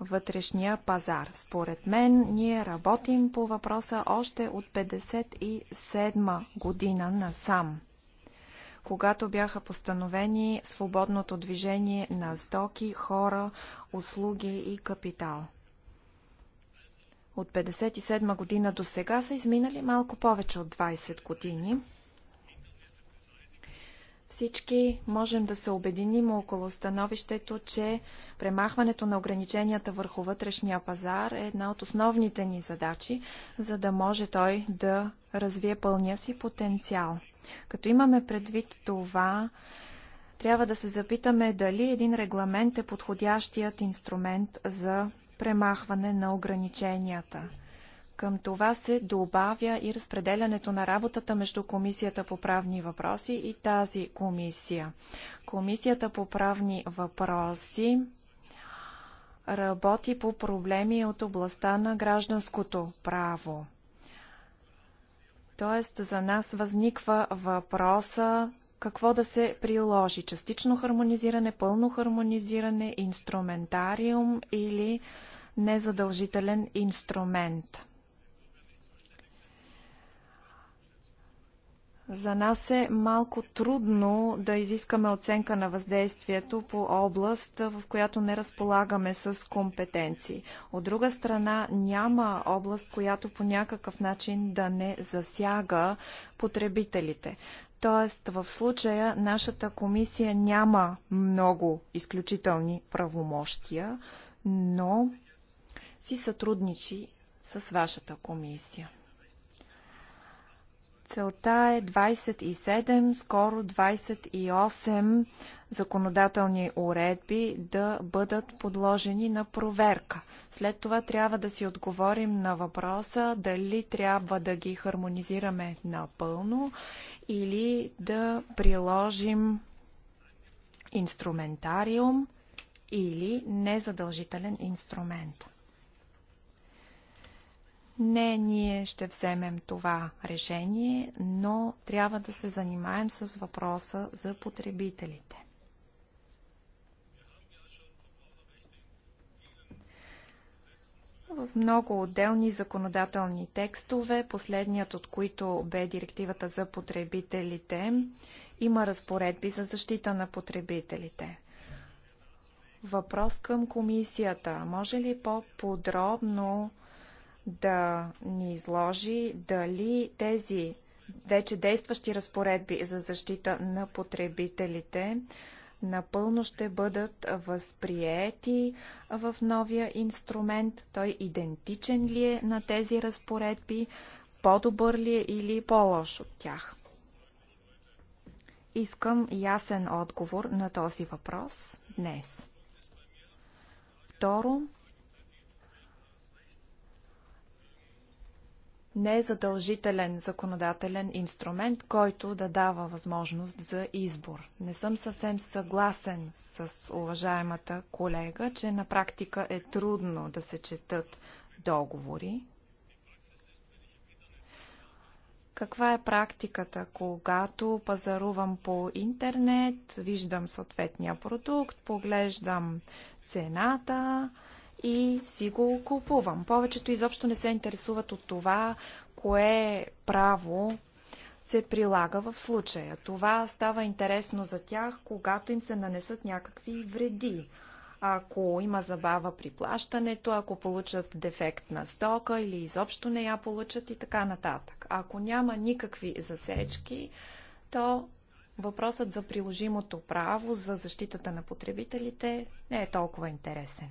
вътрешния пазар. Според мен, ние работим по въпроса още от 57 година насам когато бяха постановени свободното движение на стоки, хора, услуги и капитал. От 1957 година до сега са изминали малко повече от 20 години. Всички можем да се обединим около становището, че премахването на ограниченията върху вътрешния пазар е една от основните ни задачи, за да може той да развие пълния си потенциал. Като имаме предвид това, трябва да се запитаме дали един регламент е подходящият инструмент за премахване на ограниченията. Към това се добавя и разпределянето на работата между Комисията по правни въпроси и тази комисия. Комисията по правни въпроси работи по проблеми от областта на гражданското право. Тоест за нас възниква въпроса какво да се приложи. Частично хармонизиране, пълно хармонизиране, инструментариум или незадължителен инструмент. За нас е малко трудно да изискаме оценка на въздействието по област, в която не разполагаме с компетенции. От друга страна, няма област, която по някакъв начин да не засяга потребителите. Тоест, в случая нашата комисия няма много изключителни правомощия, но си сътрудничи с вашата комисия. Целта е 27, скоро 28 законодателни уредби да бъдат подложени на проверка. След това трябва да си отговорим на въпроса дали трябва да ги хармонизираме напълно или да приложим инструментариум или незадължителен инструмент. Не, ние ще вземем това решение, но трябва да се занимаем с въпроса за потребителите. В много отделни законодателни текстове, последният от които бе директивата за потребителите, има разпоредби за защита на потребителите. Въпрос към комисията. Може ли по-подробно да ни изложи дали тези вече действащи разпоредби за защита на потребителите напълно ще бъдат възприети в новия инструмент. Той идентичен ли е на тези разпоредби, по-добър ли е или по-лош от тях? Искам ясен отговор на този въпрос днес. Второ, не е задължителен законодателен инструмент, който да дава възможност за избор. Не съм съвсем съгласен с уважаемата колега, че на практика е трудно да се четат договори. Каква е практиката, когато пазарувам по интернет, виждам съответния продукт, поглеждам цената, и си го купувам. Повечето изобщо не се интересуват от това, кое право се прилага в случая. Това става интересно за тях, когато им се нанесат някакви вреди. Ако има забава при плащането, ако получат дефект на стока или изобщо не я получат и така нататък. Ако няма никакви засечки, то въпросът за приложимото право за защитата на потребителите не е толкова интересен.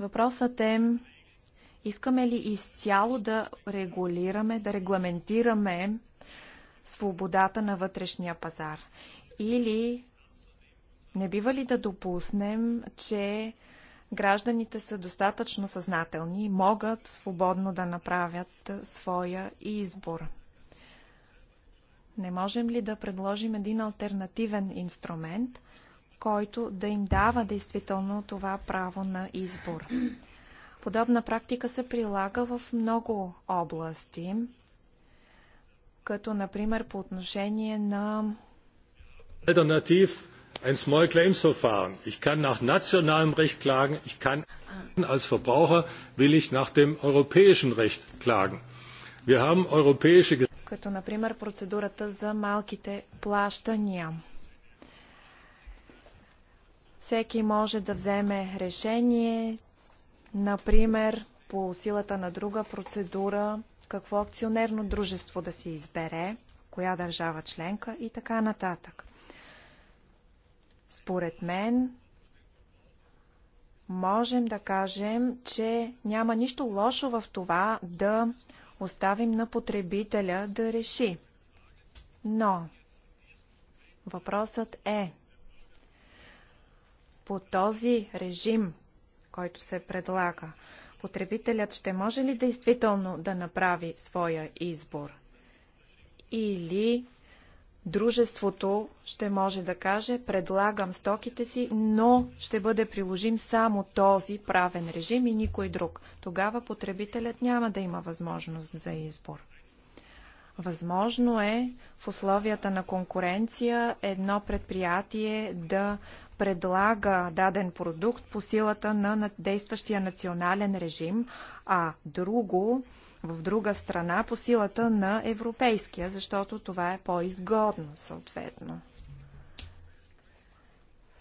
Въпросът е, искаме ли изцяло да регулираме, да регламентираме свободата на вътрешния пазар? Или не бива ли да допуснем, че гражданите са достатъчно съзнателни и могат свободно да направят своя избор? Не можем ли да предложим един альтернативен инструмент, който да им дава действително това право на избор. Подобна практика се прилага в много области, като например по отношение на Alternativ ein Small Claims Verfahren. Ich kann nach nationalem Recht klagen, ich kann als Verbraucher will ich nach dem europäischen Recht klagen. Wir haben europäische като например процедурата за малките плащания. Всеки може да вземе решение, например, по силата на друга процедура, какво акционерно дружество да се избере, коя държава членка и така нататък. Според мен, можем да кажем, че няма нищо лошо в това да оставим на потребителя да реши. Но въпросът е, по този режим, който се предлага, потребителят ще може ли действително да направи своя избор? Или дружеството ще може да каже, предлагам стоките си, но ще бъде приложим само този правен режим и никой друг. Тогава потребителят няма да има възможност за избор. Възможно е в условията на конкуренция едно предприятие да предлага даден продукт по силата на действащия национален режим, а друго в друга страна по силата на европейския, защото това е по-изгодно съответно.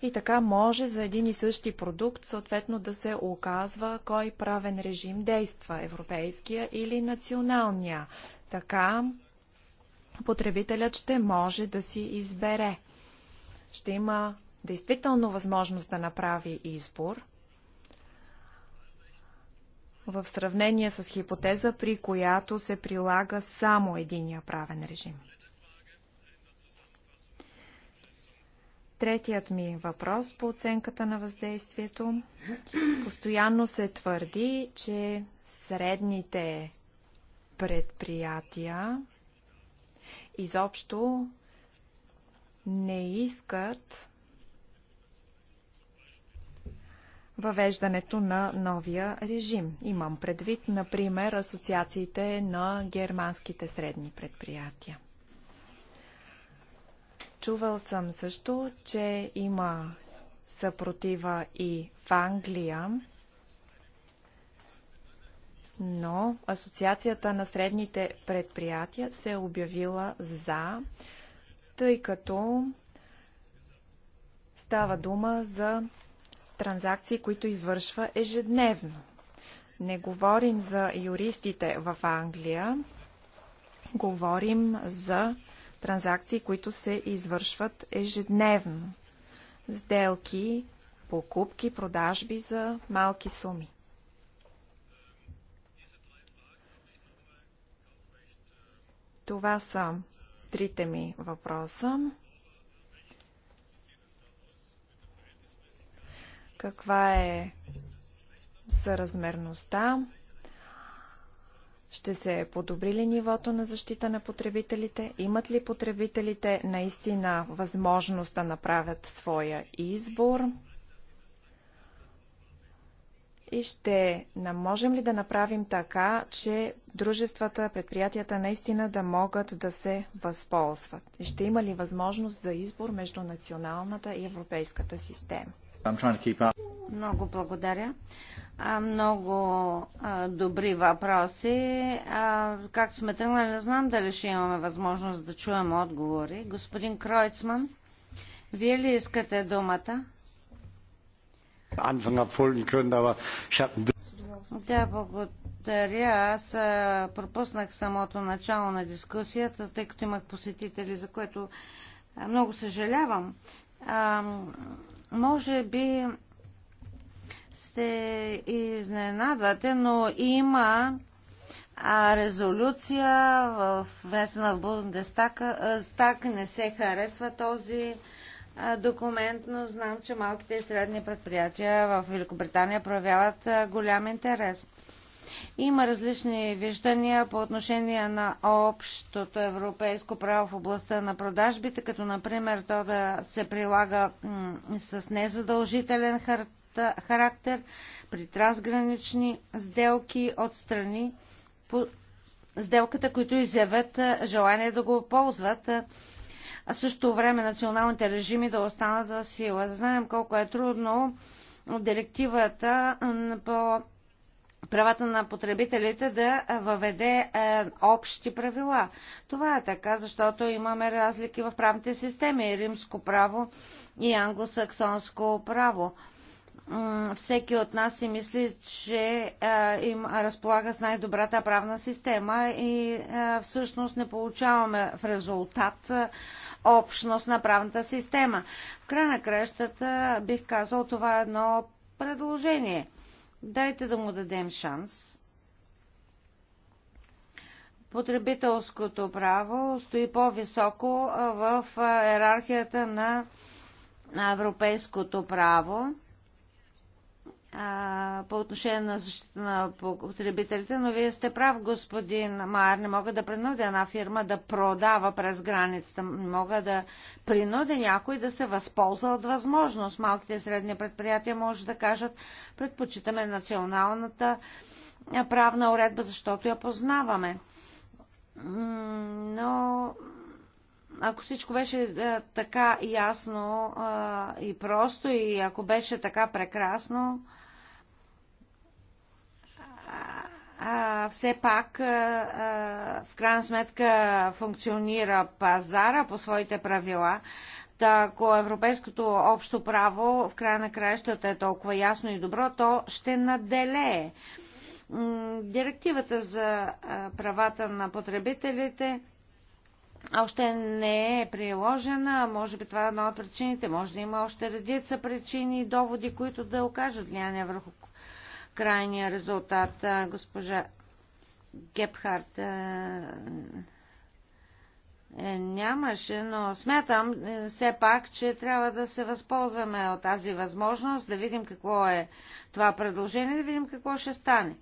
И така може за един и същи продукт съответно да се оказва кой правен режим действа, европейския или националния. Така потребителят ще може да си избере. Ще има действително възможност да направи избор в сравнение с хипотеза, при която се прилага само единия правен режим. Третият ми въпрос по оценката на въздействието. Постоянно се твърди, че средните предприятия изобщо не искат въвеждането на новия режим. Имам предвид, например, асоциациите на германските средни предприятия. Чувал съм също, че има съпротива и в Англия, но Асоциацията на средните предприятия се е обявила за, тъй като става дума за транзакции, които извършва ежедневно. Не говорим за юристите в Англия, говорим за транзакции, които се извършват ежедневно. Сделки, покупки, продажби за малки суми. Това са трите ми въпроса. каква е съразмерността, ще се подобри ли нивото на защита на потребителите? Имат ли потребителите наистина възможност да направят своя избор? И ще можем ли да направим така, че дружествата, предприятията наистина да могат да се възползват? И ще има ли възможност за избор между националната и европейската система? Много благодаря. много добри въпроси. както сме тръгнали, не знам дали ще имаме възможност да чуем отговори. Господин Кройцман, вие ли искате думата? Да, благодаря. Аз пропуснах самото начало на дискусията, тъй като имах посетители, за което много съжалявам. Може би се изненадвате, но има а резолюция в, внесена в Бундестака стак не се харесва този документ, но знам, че малките и средни предприятия в Великобритания проявяват голям интерес. Има различни виждания по отношение на общото европейско право в областта на продажбите, като например то да се прилага с незадължителен характер при трансгранични сделки от страни по сделката, които изявят желание да го ползват а същото време националните режими да останат в сила. Знаем колко е трудно от директивата по правата на потребителите да въведе е, общи правила. Това е така, защото имаме разлики в правните системи римско право и англосаксонско право. Всеки от нас си мисли, че е, им разполага с най-добрата правна система и е, всъщност не получаваме в резултат е, общност на правната система. В края на кращата бих казал, това е едно предложение – Дайте да му дадем шанс. Потребителското право стои по-високо в иерархията на европейското право по отношение на защита на потребителите, но вие сте прав, господин Майер. Не мога да принудя една фирма да продава през границата. Не мога да принудя някой да се възползва от възможност. Малките и средни предприятия може да кажат, предпочитаме националната правна уредба, защото я познаваме. Но ако всичко беше е, така ясно е, и просто, и ако беше така прекрасно, а, все пак а, а, в крайна сметка функционира пазара по своите правила. Ако европейското общо право в края на краищата е толкова ясно и добро, то ще наделее. Директивата за правата на потребителите още не е приложена. Може би това е една от причините. Може да има още редица причини и доводи, които да окажат влияние върху крайния резултат. Госпожа Гепхарт е, нямаше, но смятам е, все пак, че трябва да се възползваме от тази възможност, да видим какво е това предложение, да видим какво ще стане.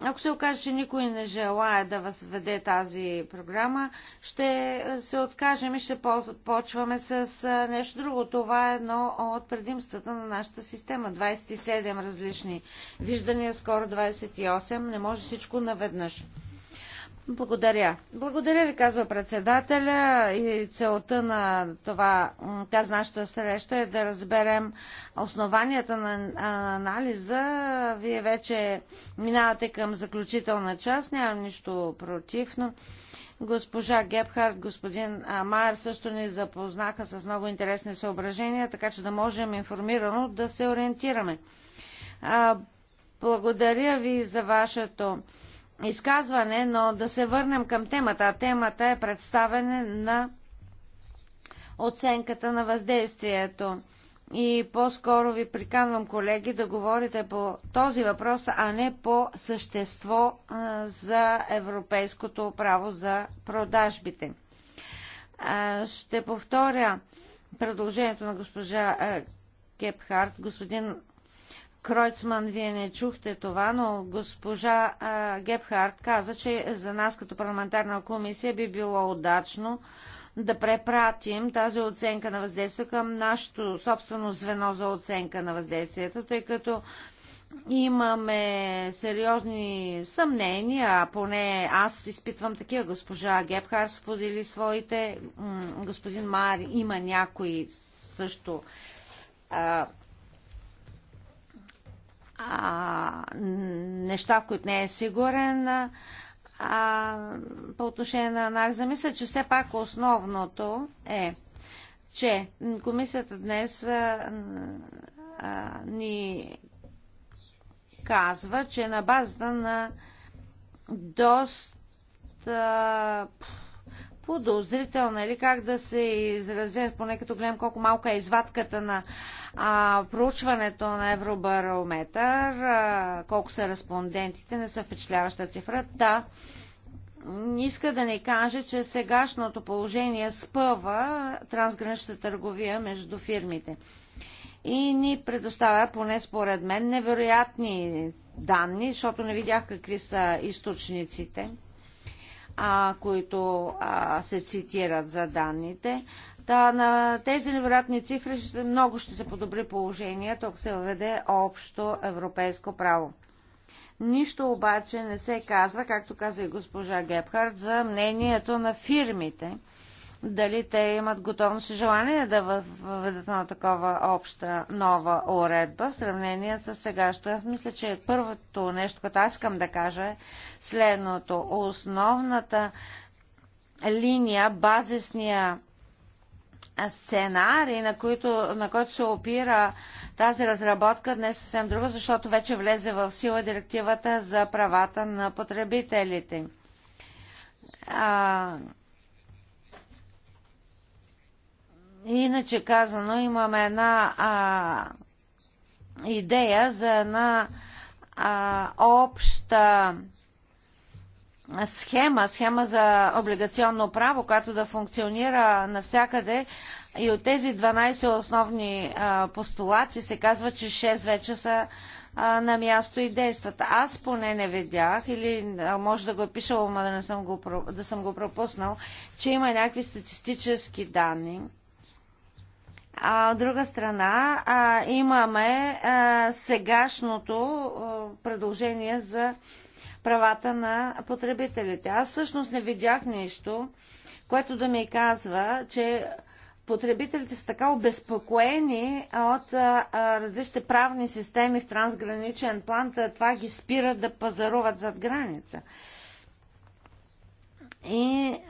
Ако се окаже, че никой не желая да възведе тази програма, ще се откажем и ще почваме с нещо друго. Това е едно от предимствата на нашата система. 27 различни виждания, скоро 28. Не може всичко наведнъж. Благодаря. Благодаря ви, казва председателя. И целта на това, тази нашата среща е да разберем основанията на анализа. Вие вече минавате към заключителна част. Нямам нищо против, но госпожа Гепхард, господин Майер също ни запознаха с много интересни съображения, така че да можем информирано да се ориентираме. Благодаря ви за вашето изказване, но да се върнем към темата. Темата е представене на оценката на въздействието. И по-скоро ви приканвам, колеги, да говорите по този въпрос, а не по същество за европейското право за продажбите. Ще повторя предложението на госпожа Кепхарт. Господин Кройцман, вие не чухте това, но госпожа а, Гепхард каза, че за нас като парламентарна комисия би било удачно да препратим тази оценка на въздействие към нашето собствено звено за оценка на въздействието, тъй като имаме сериозни съмнения, а поне аз изпитвам такива. Госпожа Гепхар сподели своите, господин Мар има някои също а, а, неща, в които не е сигурен. А, по отношение на анализа, мисля, че все пак основното е, че комисията днес а, а, ни казва, че на базата на доста подозрителна или как да се изразя, поне като гледам колко малка е извадката на а, проучването на Евробарометър, а, колко са респондентите, не са впечатляваща цифра. Да, иска да ни каже, че сегашното положение спъва трансгранична търговия между фирмите. И ни предоставя, поне според мен, невероятни данни, защото не видях какви са източниците а, които а, се цитират за данните. Та на тези невероятни цифри много ще се подобри положението, ако се въведе общо европейско право. Нищо обаче не се казва, както каза и госпожа Гепхард, за мнението на фирмите дали те имат готовност и желание да въведат на такова обща нова уредба в сравнение с Що Аз мисля, че първото нещо, което аз искам да кажа е следното. Основната линия, базисния сценарий, на, които, на който се опира тази разработка, днес е съвсем друга, защото вече влезе в сила директивата за правата на потребителите. А, Иначе казано, имаме една а, идея за една а, обща схема, схема за облигационно право, която да функционира навсякъде. И от тези 12 основни а, постулати се казва, че 6 вече са а, на място и действат. Аз поне не видях, или а, може да го е пишало, но да, не съм го, да съм го пропуснал, че има някакви статистически данни а от друга страна а, имаме а, сегашното а, предложение за правата на потребителите. Аз всъщност не видях нищо, което да ми казва, че потребителите са така обезпокоени от а, а, различните правни системи в трансграничен план, това ги спира да пазаруват зад граница. И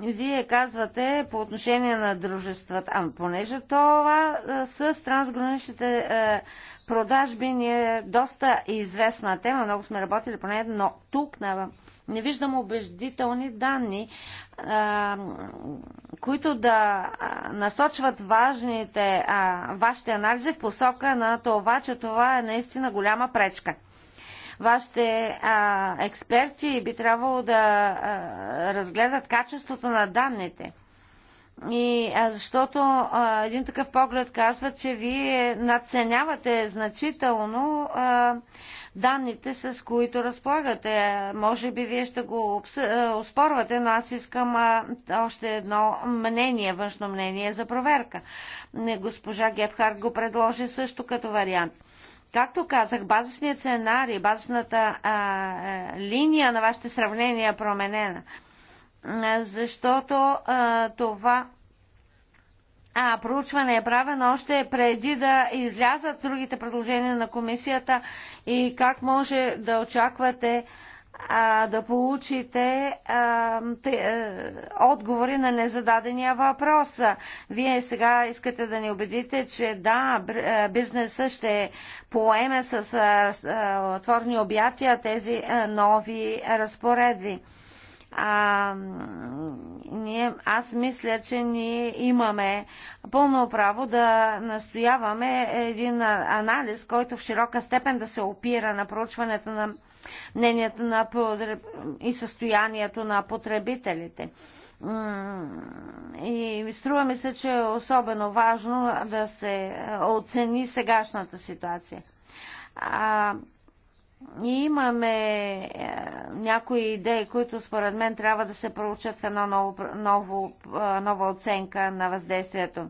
вие казвате по отношение на дружествата, а понеже това с трансграничните е, продажби ни е доста известна тема, много сме работили по нея, но тук не виждам убеждителни данни, а, които да насочват важните, а, вашите анализи в посока на това, че това е наистина голяма пречка вашите а, експерти би трябвало да а, разгледат качеството на данните. И а, защото а, един такъв поглед казва, че вие надценявате значително а, данните, с които разполагате. Може би вие ще го оспорвате, но аз искам а, още едно мнение, външно мнение за проверка. Не, госпожа Гепхард го предложи също като вариант. Както казах, базисният сценарий, базисната а, а, е, линия на вашите сравнения е променена. защото а, това а, проучване е правено още преди да излязат другите предложения на комисията и как може да очаквате а, а, да получите а, те, а, отговори на незададения въпрос. Вие сега искате да ни убедите, че да, бизнеса ще поеме с а, отворни обятия тези а, нови разпоредви а, ние, аз мисля, че ние имаме пълно право да настояваме един анализ, който в широка степен да се опира на проучването на мнението на и състоянието на потребителите. И струва ми се, че е особено важно да се оцени сегашната ситуация. И имаме е, някои идеи, които според мен трябва да се проучат в едно ново, ново, е, нова оценка на въздействието.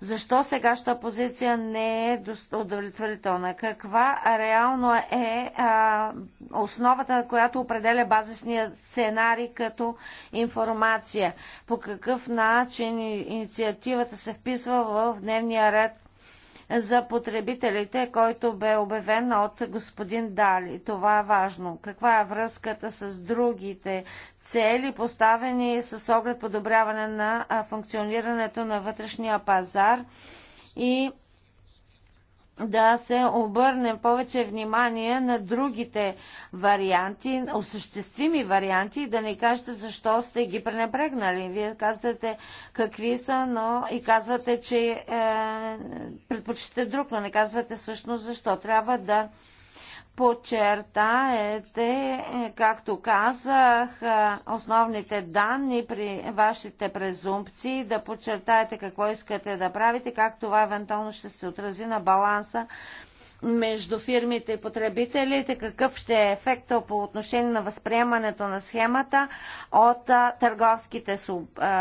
Защо сегашната позиция не е удовлетворителна? Каква реално е а, е, основата, която определя базисния сценарий като информация? По какъв начин инициативата се вписва в дневния ред за потребителите, който бе обявен от господин Дали. Това е важно. Каква е връзката с другите цели, поставени с оглед подобряване на функционирането на вътрешния пазар и да се обърне повече внимание на другите варианти, осъществими варианти и да ни кажете защо сте ги пренебрегнали. Вие казвате какви са, но и казвате, че е, предпочитате друг, но не казвате всъщност защо. Трябва да подчертаете, е, както казах, е, основните данни при вашите презумпции, да подчертаете какво искате да правите, как това евентуално ще се отрази на баланса между фирмите и потребителите, какъв ще е ефекта по отношение на възприемането на схемата от търговските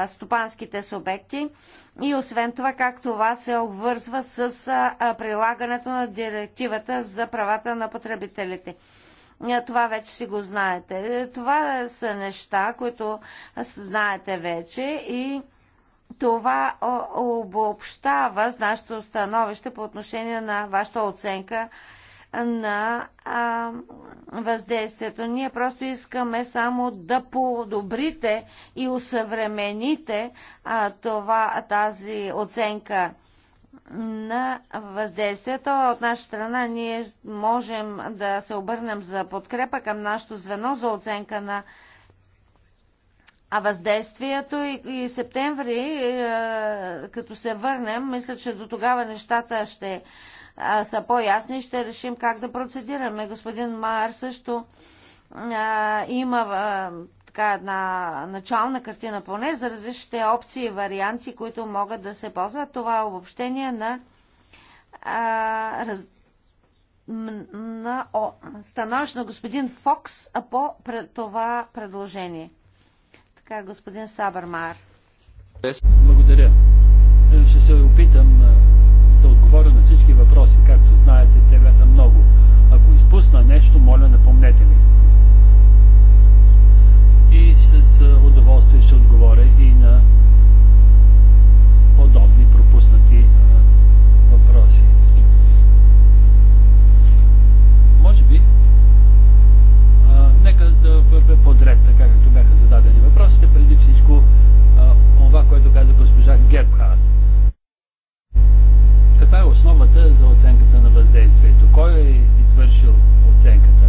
стопанските субекти и освен това как това се обвързва с прилагането на директивата за правата на потребителите. Това вече си го знаете. Това са неща, които знаете вече и това обобщава с нашето становище по отношение на вашата оценка на а, въздействието. Ние просто искаме само да подобрите и усъвремените а, това, тази оценка на въздействието. От наша страна ние можем да се обърнем за подкрепа към нашето звено за оценка на а въздействието и, и септември, е, като се върнем, мисля, че до тогава нещата ще е, са по-ясни и ще решим как да процедираме. Господин Майер също е, има така една начална картина поне за различните опции и варианти, които могат да се ползват. Това е обобщение на, е, раз, на о, становище на господин Фокс по това предложение. Така, господин Сабармар. Благодаря. Е, ще се опитам е, да отговоря на всички въпроси. Както знаете, те бяха много. Ако изпусна нещо, моля, напомнете ми. И с е, удоволствие ще отговоря и на подобни пропуснати въпроси. Може би, нека да вървя подред, така както бяха зададени въпросът е преди всичко това, което каза госпожа Гербхарт. Каква е основата за оценката на въздействието? Кой е извършил оценката?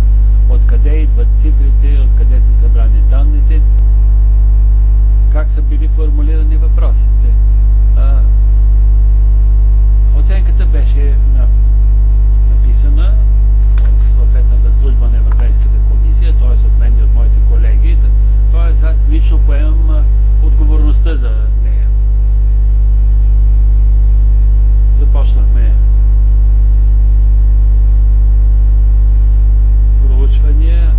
Откъде идват цифрите? Откъде са събрани данните? Как са били формулирани въпросите? А, оценката беше на, написана от съответната служба на Европейската комисия, т.е. от т.е. аз лично поемам отговорността за нея. Започнахме проучвания,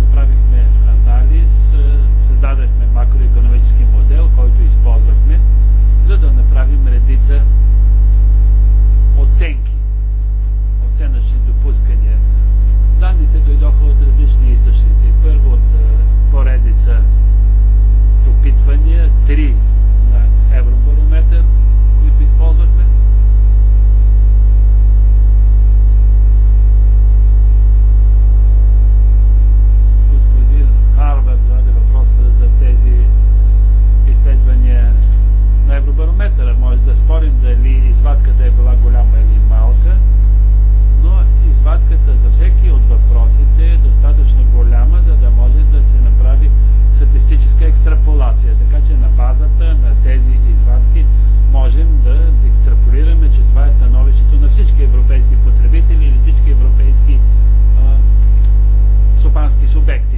направихме анализ, създадахме макроекономически модел, който използвахме, за да направим редица оценки, оценъчни допускания. Данните дойдоха от различни източници поредица допитвания, три на Евробарометър, които използвахме. Господин Харвард зададе въпроса за тези изследвания на Евробарометъра. Може да спорим дали извадката е била голяма или малка, но извадката за всеки от въпросите е достатъчно логическа екстраполация. Така че на базата на тези извадки можем да екстраполираме, че това е становището на всички европейски потребители или всички европейски а, субекти.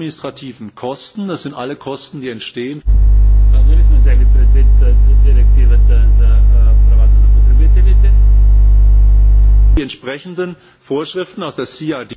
administrativen Kosten. Das sind alle Kosten, die entstehen. Die entsprechenden Vorschriften aus der CRD.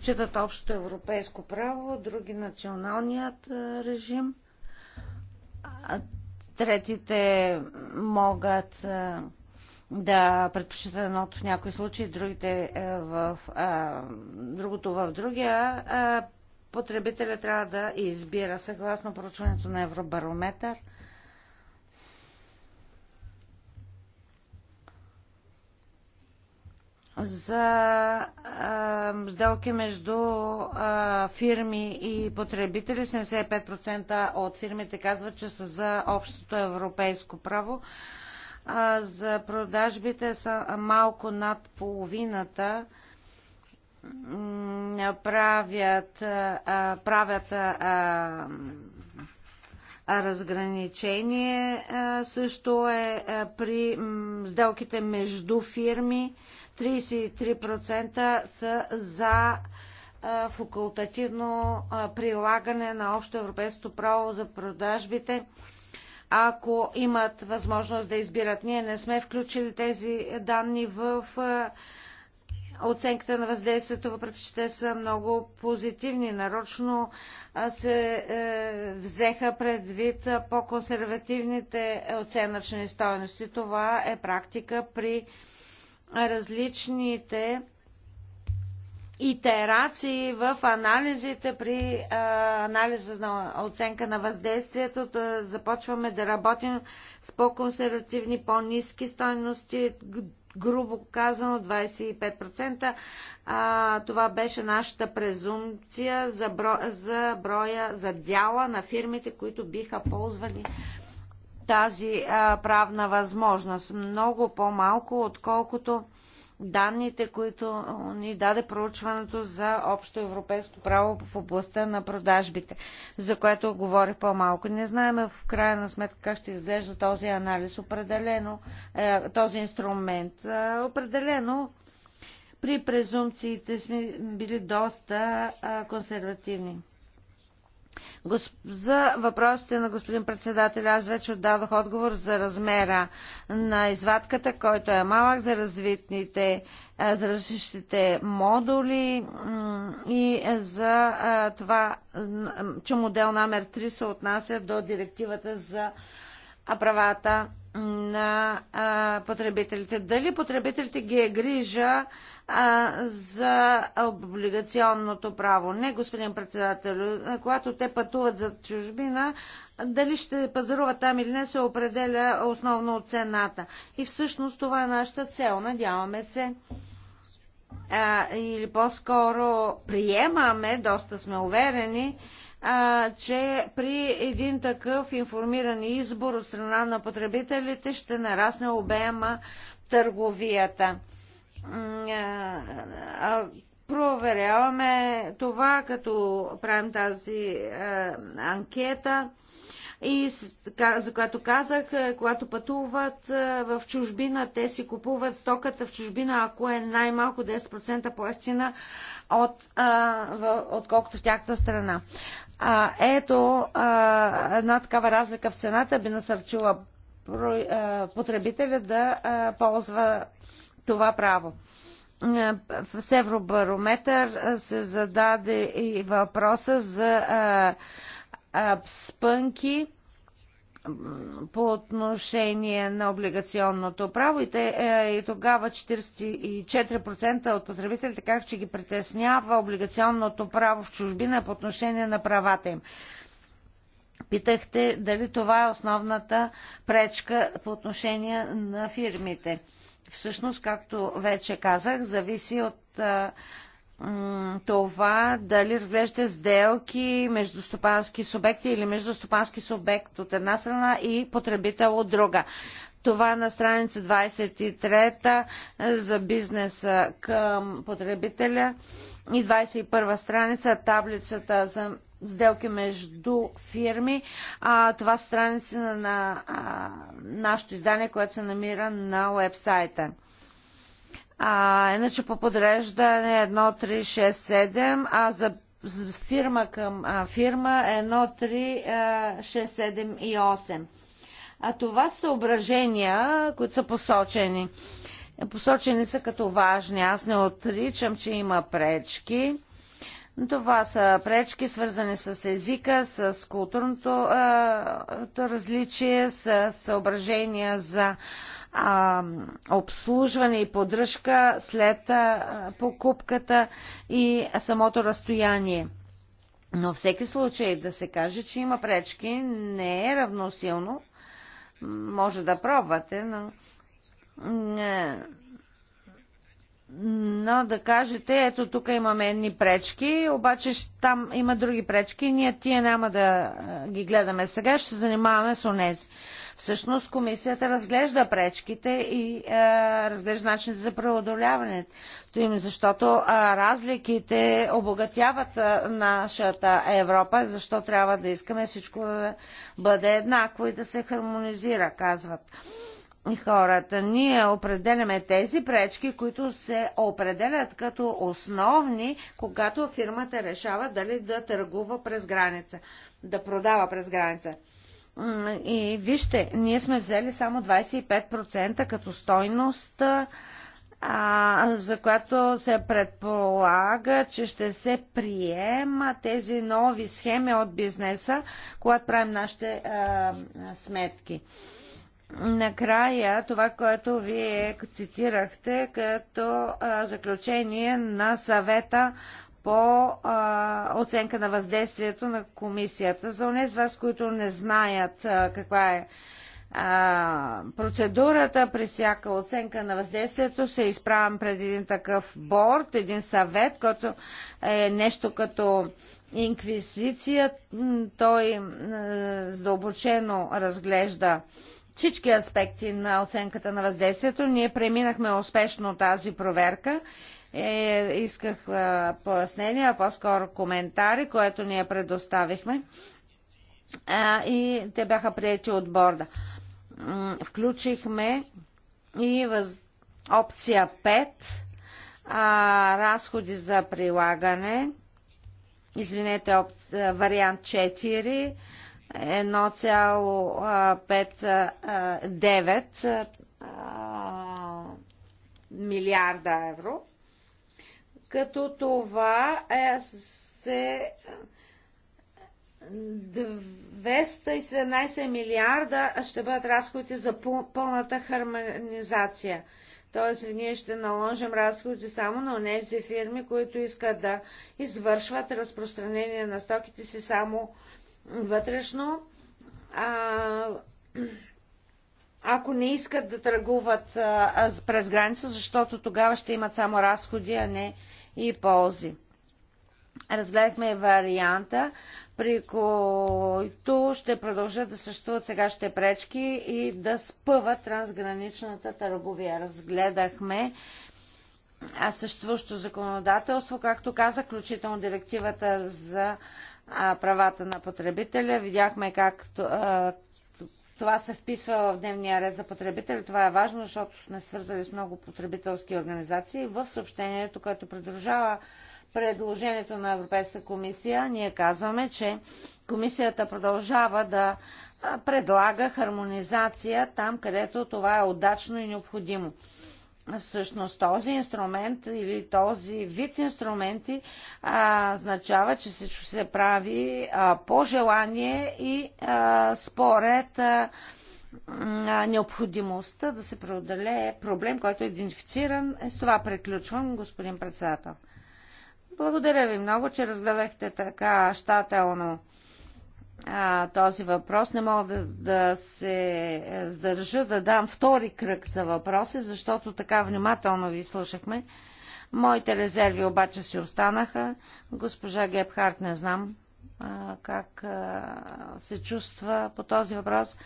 предпочитат общото европейско право, други националният режим, а третите могат да предпочитат едното в някои случаи, другите е, в, а, другото в другия. А, потребителя трябва да избира. Съгласно проучването на Евробарометър, за а, сделки между а, фирми и потребители. 75% от фирмите казват, че са за общото европейско право. А, за продажбите са малко над половината правят, а, правят а, разграничение а, също е при м, сделките между фирми. 33% са за факултативно прилагане на общо европейското право за продажбите, ако имат възможност да избират. Ние не сме включили тези данни в оценката на въздействието, въпреки че те са много позитивни. Нарочно се е, взеха предвид по-консервативните оценъчни стоености. Това е практика при различните итерации в анализите при а, анализа на оценка на въздействието. Да започваме да работим с по-консервативни, по-низки стойности, грубо казано 25%. А, това беше нашата презумпция за, бро, за броя, за дяла на фирмите, които биха ползвали тази а, правна възможност. Много по-малко, отколкото данните, които ни даде проучването за общо европейско право в областта на продажбите, за което говорих по-малко. Не знаем в крайна сметка как ще изглежда този анализ, определено е, този инструмент. Е, определено при презумпциите сме били доста е, консервативни. За въпросите на господин председател, аз вече отдадох отговор за размера на извадката, който е малък за развитните, за различните модули и за това, че модел номер 3 се отнася до директивата за правата на а, потребителите. Дали потребителите ги е грижа а, за облигационното право? Не, господин председател. Когато те пътуват за чужбина, дали ще пазаруват там или не, се определя основно от цената. И всъщност това е нашата цел. Надяваме се а, или по-скоро приемаме, доста сме уверени, а, че при един такъв информиран избор от страна на потребителите ще нарасне обема търговията. проверяваме това, като правим тази а, анкета и за която казах, е, когато пътуват в чужбина, те си купуват стоката в чужбина, ако е най-малко 10% по-ефтина от, отколкото в тяхната страна. А, ето, а, една такава разлика в цената би насърчила потребителя да а, ползва това право. В Евробарометър се зададе и въпроса за а, а, спънки по отношение на облигационното право и, те, е, и тогава 44% от потребителите как че ги притеснява облигационното право в чужбина по отношение на правата им. Питахте дали това е основната пречка по отношение на фирмите. Всъщност, както вече казах, зависи от а, е, това дали разглеждате сделки между стопански субекти или между стопански субект от една страна и потребител от друга. Това на страница 23 е, за бизнеса към потребителя и 21 страница таблицата за сделки между фирми. А, това са страници на, на а, нашето издание, което се намира на уебсайта. А, иначе по подреждане 1367, а за фирма към а, фирма 1367 и 8. А това са съображения, които са посочени. Посочени са като важни. Аз не отричам, че има пречки. Това са пречки, свързани с езика, с културното е, различие, с съображения за а, обслужване и поддръжка след а, покупката и самото разстояние. Но всеки случай да се каже, че има пречки, не е равносилно. Може да пробвате, но е, но да кажете, ето тук имаме едни пречки, обаче там има други пречки, ние тия няма да ги гледаме сега, ще се занимаваме с онези. Всъщност комисията разглежда пречките и е, разглежда начините за преодоляването им, защото е, разликите обогатяват е, нашата Европа, защо трябва да искаме всичко да бъде еднакво и да се хармонизира, казват хората. Ние определяме тези пречки, които се определят като основни, когато фирмата решава дали да търгува през граница, да продава през граница. И вижте, ние сме взели само 25% като стойност, а, за която се предполага, че ще се приема тези нови схеми от бизнеса, когато правим нашите а, сметки накрая това, което вие цитирахте като заключение на съвета по а, оценка на въздействието на комисията. За онези вас, които не знаят а, каква е а, процедурата при всяка оценка на въздействието се изправям пред един такъв борт, един съвет, който е нещо като инквизиция. Той е, задълбочено разглежда всички аспекти на оценката на въздействието. Ние преминахме успешно тази проверка. Е, исках е, пояснения, а по-скоро коментари, което ние предоставихме. Е, и те бяха приети от борда. Включихме и въз... опция 5 е, разходи за прилагане. Извинете, оп... вариант 4 1,59 милиарда евро, като това е се 217 милиарда ще бъдат разходите за пълната хармонизация. Тоест, ние ще наложим разходи само на тези фирми, които искат да извършват разпространение на стоките си само вътрешно. А, ако не искат да търгуват а, през граница, защото тогава ще имат само разходи, а не и ползи. Разгледахме варианта, при който ще продължат да съществуват сегашните пречки и да спъват трансграничната търговия. Разгледахме съществуващо законодателство, както каза, включително директивата за правата на потребителя. Видяхме как това се вписва в дневния ред за потребители. Това е важно, защото сме свързали с много потребителски организации. В съобщението, което придружава предложението на Европейската комисия, ние казваме, че комисията продължава да предлага хармонизация там, където това е удачно и необходимо всъщност този инструмент или този вид инструменти а, означава, че всичко се прави а, по желание и а, според а, а, необходимостта да се преодолее проблем, който е идентифициран. Е, с това приключвам, господин председател. Благодаря ви много, че разгледахте така щателно а, този въпрос. Не мога да, да се сдържа е, да дам втори кръг за въпроси, защото така внимателно ви слушахме. Моите резерви обаче си останаха. Госпожа Гебхарт не знам а, как а, се чувства по този въпрос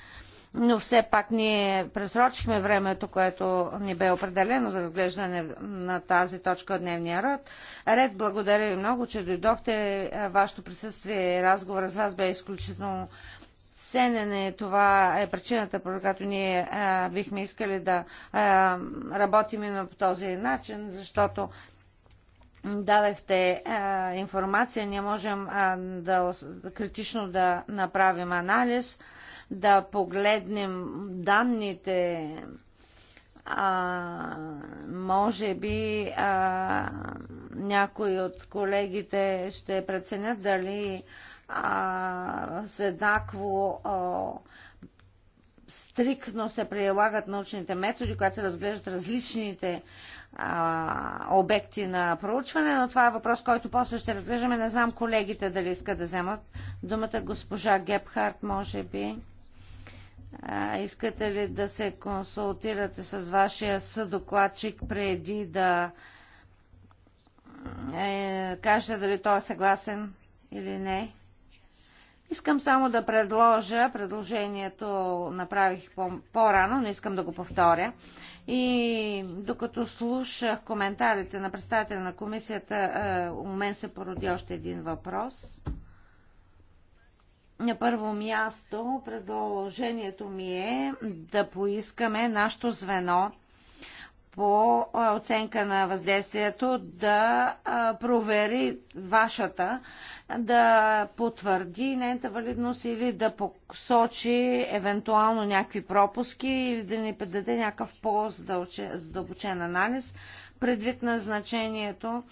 но все пак ние пресрочихме времето, което ни бе определено за разглеждане на тази точка от дневния ред. Ред, благодаря ви много, че дойдохте. Вашето присъствие и разговор с вас бе изключително и е, Това е причината, по която ние а, бихме искали да а, работим именно по този начин, защото дадахте а, информация, ние можем а, да, критично да направим анализ да погледнем данните, а, може би а, някои от колегите ще преценят дали а, с еднакво а, стрикно се прилагат научните методи, когато се разглеждат различните а, обекти на проучване, но това е въпрос, който после ще разглеждаме. Не знам колегите дали искат да вземат думата. Госпожа Гепхарт, може би искате ли да се консултирате с вашия съдокладчик преди да е, кажете дали той е съгласен или не? Искам само да предложа, предложението направих по-рано, но искам да го повторя. И докато слушах коментарите на представителя на комисията, е, у мен се породи още един въпрос – на първо място предложението ми е да поискаме нашето звено по оценка на въздействието да провери вашата, да потвърди нейната валидност или да посочи евентуално някакви пропуски или да ни предаде някакъв по-задълбочен анализ предвид на значението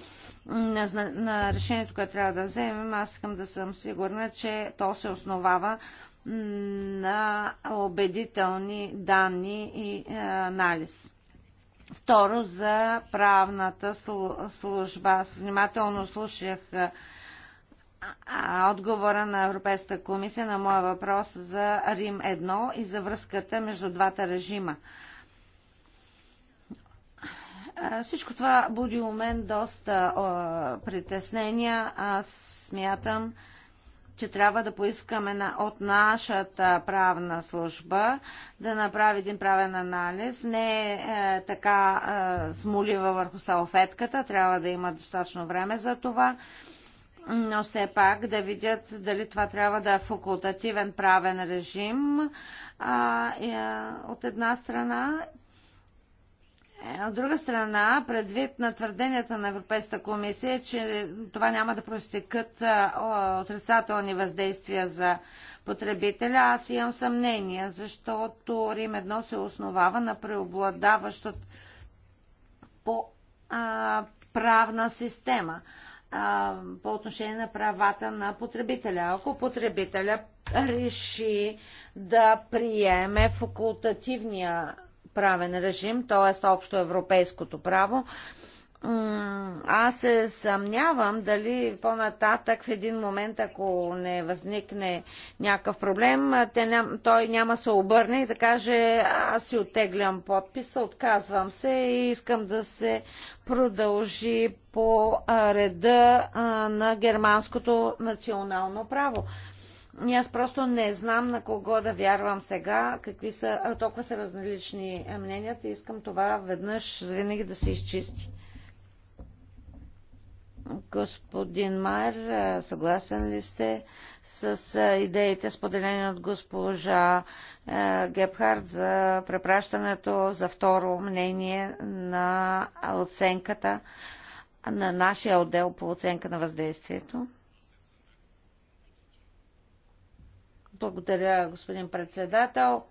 на, на решението, което трябва да вземем, аз искам да съм сигурна, че то се основава на убедителни данни и е, анализ. Второ, за правната служба. Аз внимателно слушах е, отговора на Европейската комисия на моя въпрос за Рим 1 и за връзката между двата режима. Всичко това буди у мен доста притеснения. Аз смятам, че трябва да поискаме на, от нашата правна служба да направи един правен анализ. Не е, така е, смолива върху салфетката, трябва да има достатъчно време за това, но все пак да видят дали това трябва да е факултативен правен режим а, е, от една страна е, от друга страна, предвид на твърденията на Европейската комисия, че това няма да простекат отрицателни въздействия за потребителя, аз имам съмнение, защото Рим едно се основава на преобладаващо по правна система по отношение на правата на потребителя. Ако потребителя реши да приеме факултативния правен режим, т.е. общо европейското право, аз се съмнявам дали по-нататък в един момент, ако не възникне някакъв проблем, ням, той няма се обърне и да каже аз си оттеглям подписа, отказвам се и искам да се продължи по реда на германското национално право. И аз просто не знам на кого да вярвам сега, какви са, толкова са различни мненията. Искам това веднъж винаги да се изчисти. Господин Майер, съгласен ли сте с идеите, споделени от госпожа Гепхард за препращането за второ мнение на оценката на нашия отдел по оценка на въздействието? Благодаря, господин председател.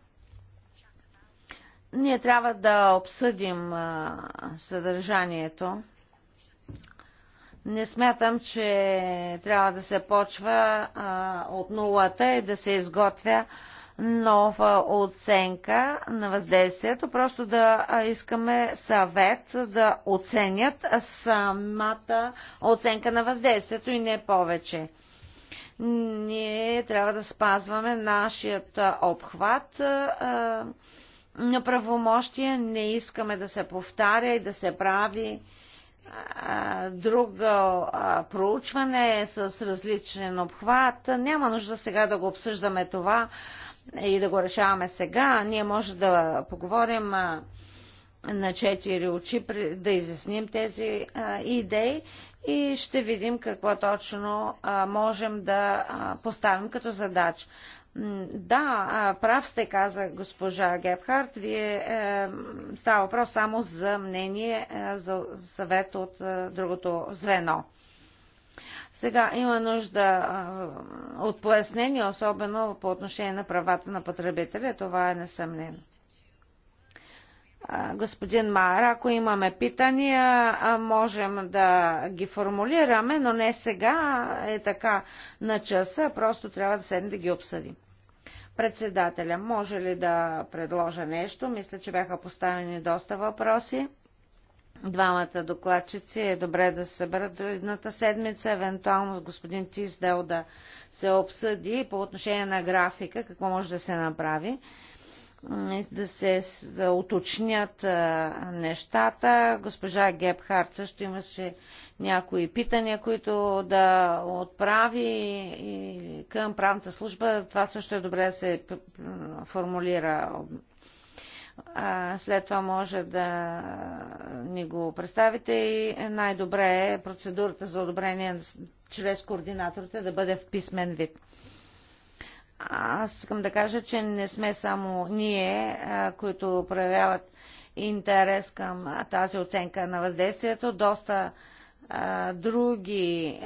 Ние трябва да обсъдим а, съдържанието. Не смятам, че трябва да се почва а, от нулата и да се изготвя нова оценка на въздействието, просто да искаме съвет да оценят самата оценка на въздействието и не повече ние трябва да спазваме нашият обхват на правомощия. Не искаме да се повтаря и да се прави друго проучване с различен обхват. Няма нужда сега да го обсъждаме това и да го решаваме сега. Ние може да поговорим на четири очи, да изясним тези идеи и ще видим какво точно можем да поставим като задача. Да, прав сте, каза госпожа Гебхарт. Вие е, става въпрос само за мнение, е, за съвет от е, другото звено. Сега има нужда от пояснение, особено по отношение на правата на потребителя. Това е несъмнено господин Мара, ако имаме питания, можем да ги формулираме, но не сега е така на часа, просто трябва да седнем да ги обсъдим. Председателя, може ли да предложа нещо? Мисля, че бяха поставени доста въпроси. Двамата докладчици е добре да се съберат до едната седмица, евентуално с господин Тиздел да се обсъди по отношение на графика, какво може да се направи да се уточнят нещата. Госпожа Гебхарт също имаше някои питания, които да отправи към правната служба. Това също е добре да се формулира. След това може да ни го представите и най-добре е процедурата за одобрение чрез координаторите да бъде в писмен вид. Аз искам да кажа, че не сме само ние, които проявяват интерес към тази оценка на въздействието. Доста други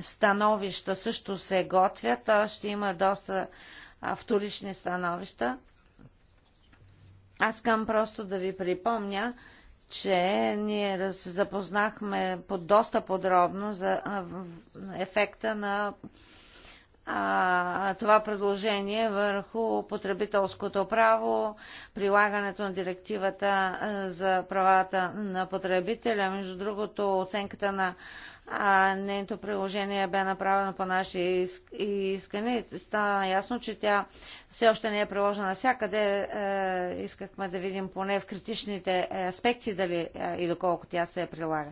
становища също се готвят. Ще има доста вторични становища. Аз искам просто да ви припомня, че ние се запознахме доста подробно за ефекта на а, това предложение е върху потребителското право, прилагането на директивата за правата на потребителя. Между другото, оценката на а, нейното приложение бе направено по наши искане. Стана ясно, че тя все още не е приложена всякъде. Е, искахме да видим поне в критичните аспекти дали е, и доколко тя се прилага.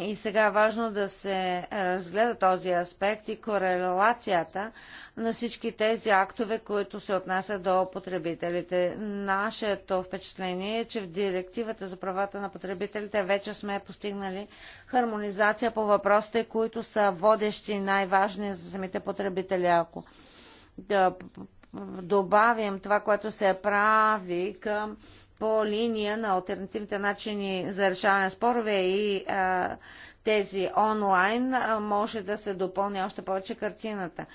И сега е важно да се разгледа този аспект и корелацията на всички тези актове, които се отнасят до потребителите. Нашето впечатление е, че в директивата за правата на потребителите вече сме постигнали хармонизация по въпросите, които са водещи и най-важни за самите потребители. Ако да добавим това, което се прави към по линия на альтернативните начини за решаване на спорове и а, тези онлайн, а, може да се допълни още повече картината.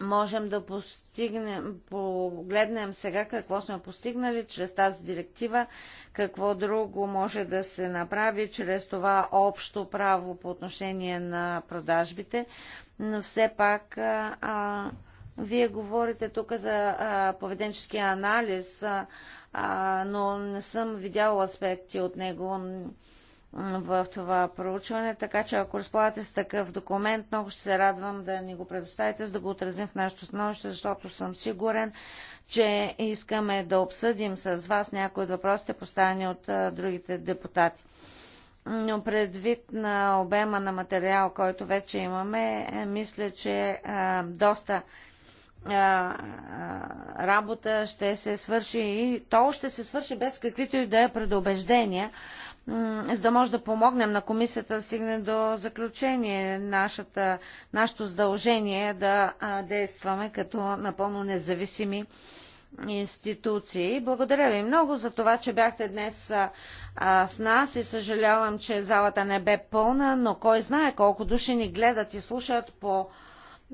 Можем да постигнем, погледнем сега какво сме постигнали чрез тази директива, какво друго може да се направи чрез това общо право по отношение на продажбите, но все пак а, а, вие говорите тук за а, поведенчески анализ. А, а, но не съм видяла аспекти от него в това проучване, така че ако разполагате с такъв документ, много ще се радвам да ни го предоставите, за да го отразим в нашето становище, защото съм сигурен, че искаме да обсъдим с вас някои от въпросите, поставени от а, другите депутати. Но предвид на обема на материал, който вече имаме, е, мисля, че а, доста работа ще се свърши и то ще се свърши без каквито и да е предубеждения, за да може да помогнем на комисията да стигне до заключение. Нашата, нашето задължение е да действаме като напълно независими институции. Благодаря ви много за това, че бяхте днес а, с нас и съжалявам, че залата не бе пълна, но кой знае колко души ни гледат и слушат по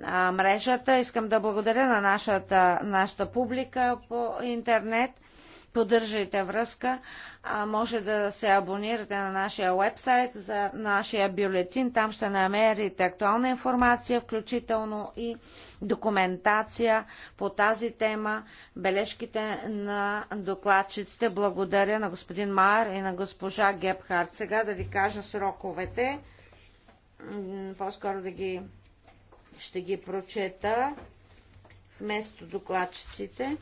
мрежата. Искам да благодаря на нашата, нашата публика по интернет. Поддържайте връзка. А, може да се абонирате на нашия вебсайт, за нашия бюлетин. Там ще намерите актуална информация, включително и документация по тази тема, бележките на докладчиците. Благодаря на господин Майер и на госпожа Гепхард. Сега да ви кажа сроковете. По-скоро да ги ще ги прочета вместо докладчиците.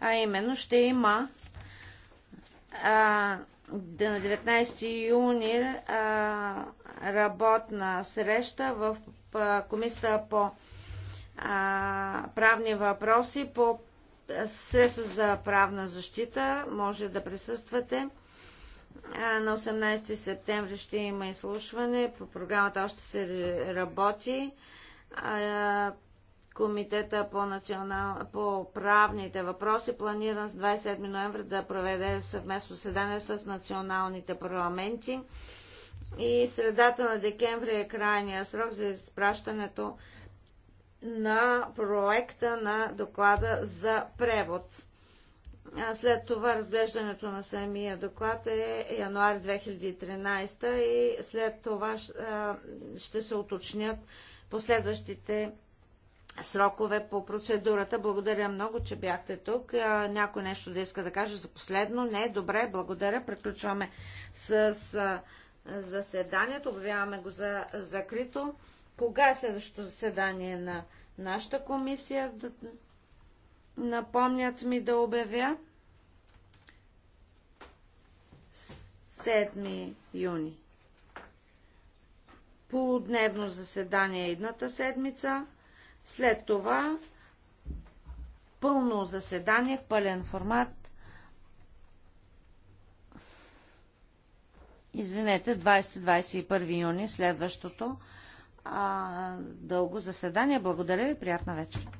А именно ще има а, на 19 юни а, работна среща в а, комисията по а, правни въпроси по средства за правна защита. Може да присъствате. На 18 септември ще има изслушване. По програмата още се работи. Комитета по, национал... по правните въпроси планиран с 27 ноември да проведе съвместно седание с националните парламенти. И средата на декември е крайния срок за изпращането на проекта на доклада за превод. След това разглеждането на самия доклад е януари 2013 и след това ще се уточнят последващите срокове по процедурата. Благодаря много, че бяхте тук. Някой нещо да иска да каже за последно? Не, добре, благодаря. Приключваме с заседанието. Обявяваме го за закрито. Кога е следващото заседание на нашата комисия? Напомнят ми да обявя 7 юни. Полудневно заседание е едната седмица. След това пълно заседание в пълен формат. Извинете, 20-21 юни, следващото а, дълго заседание. Благодаря ви, приятна вечер.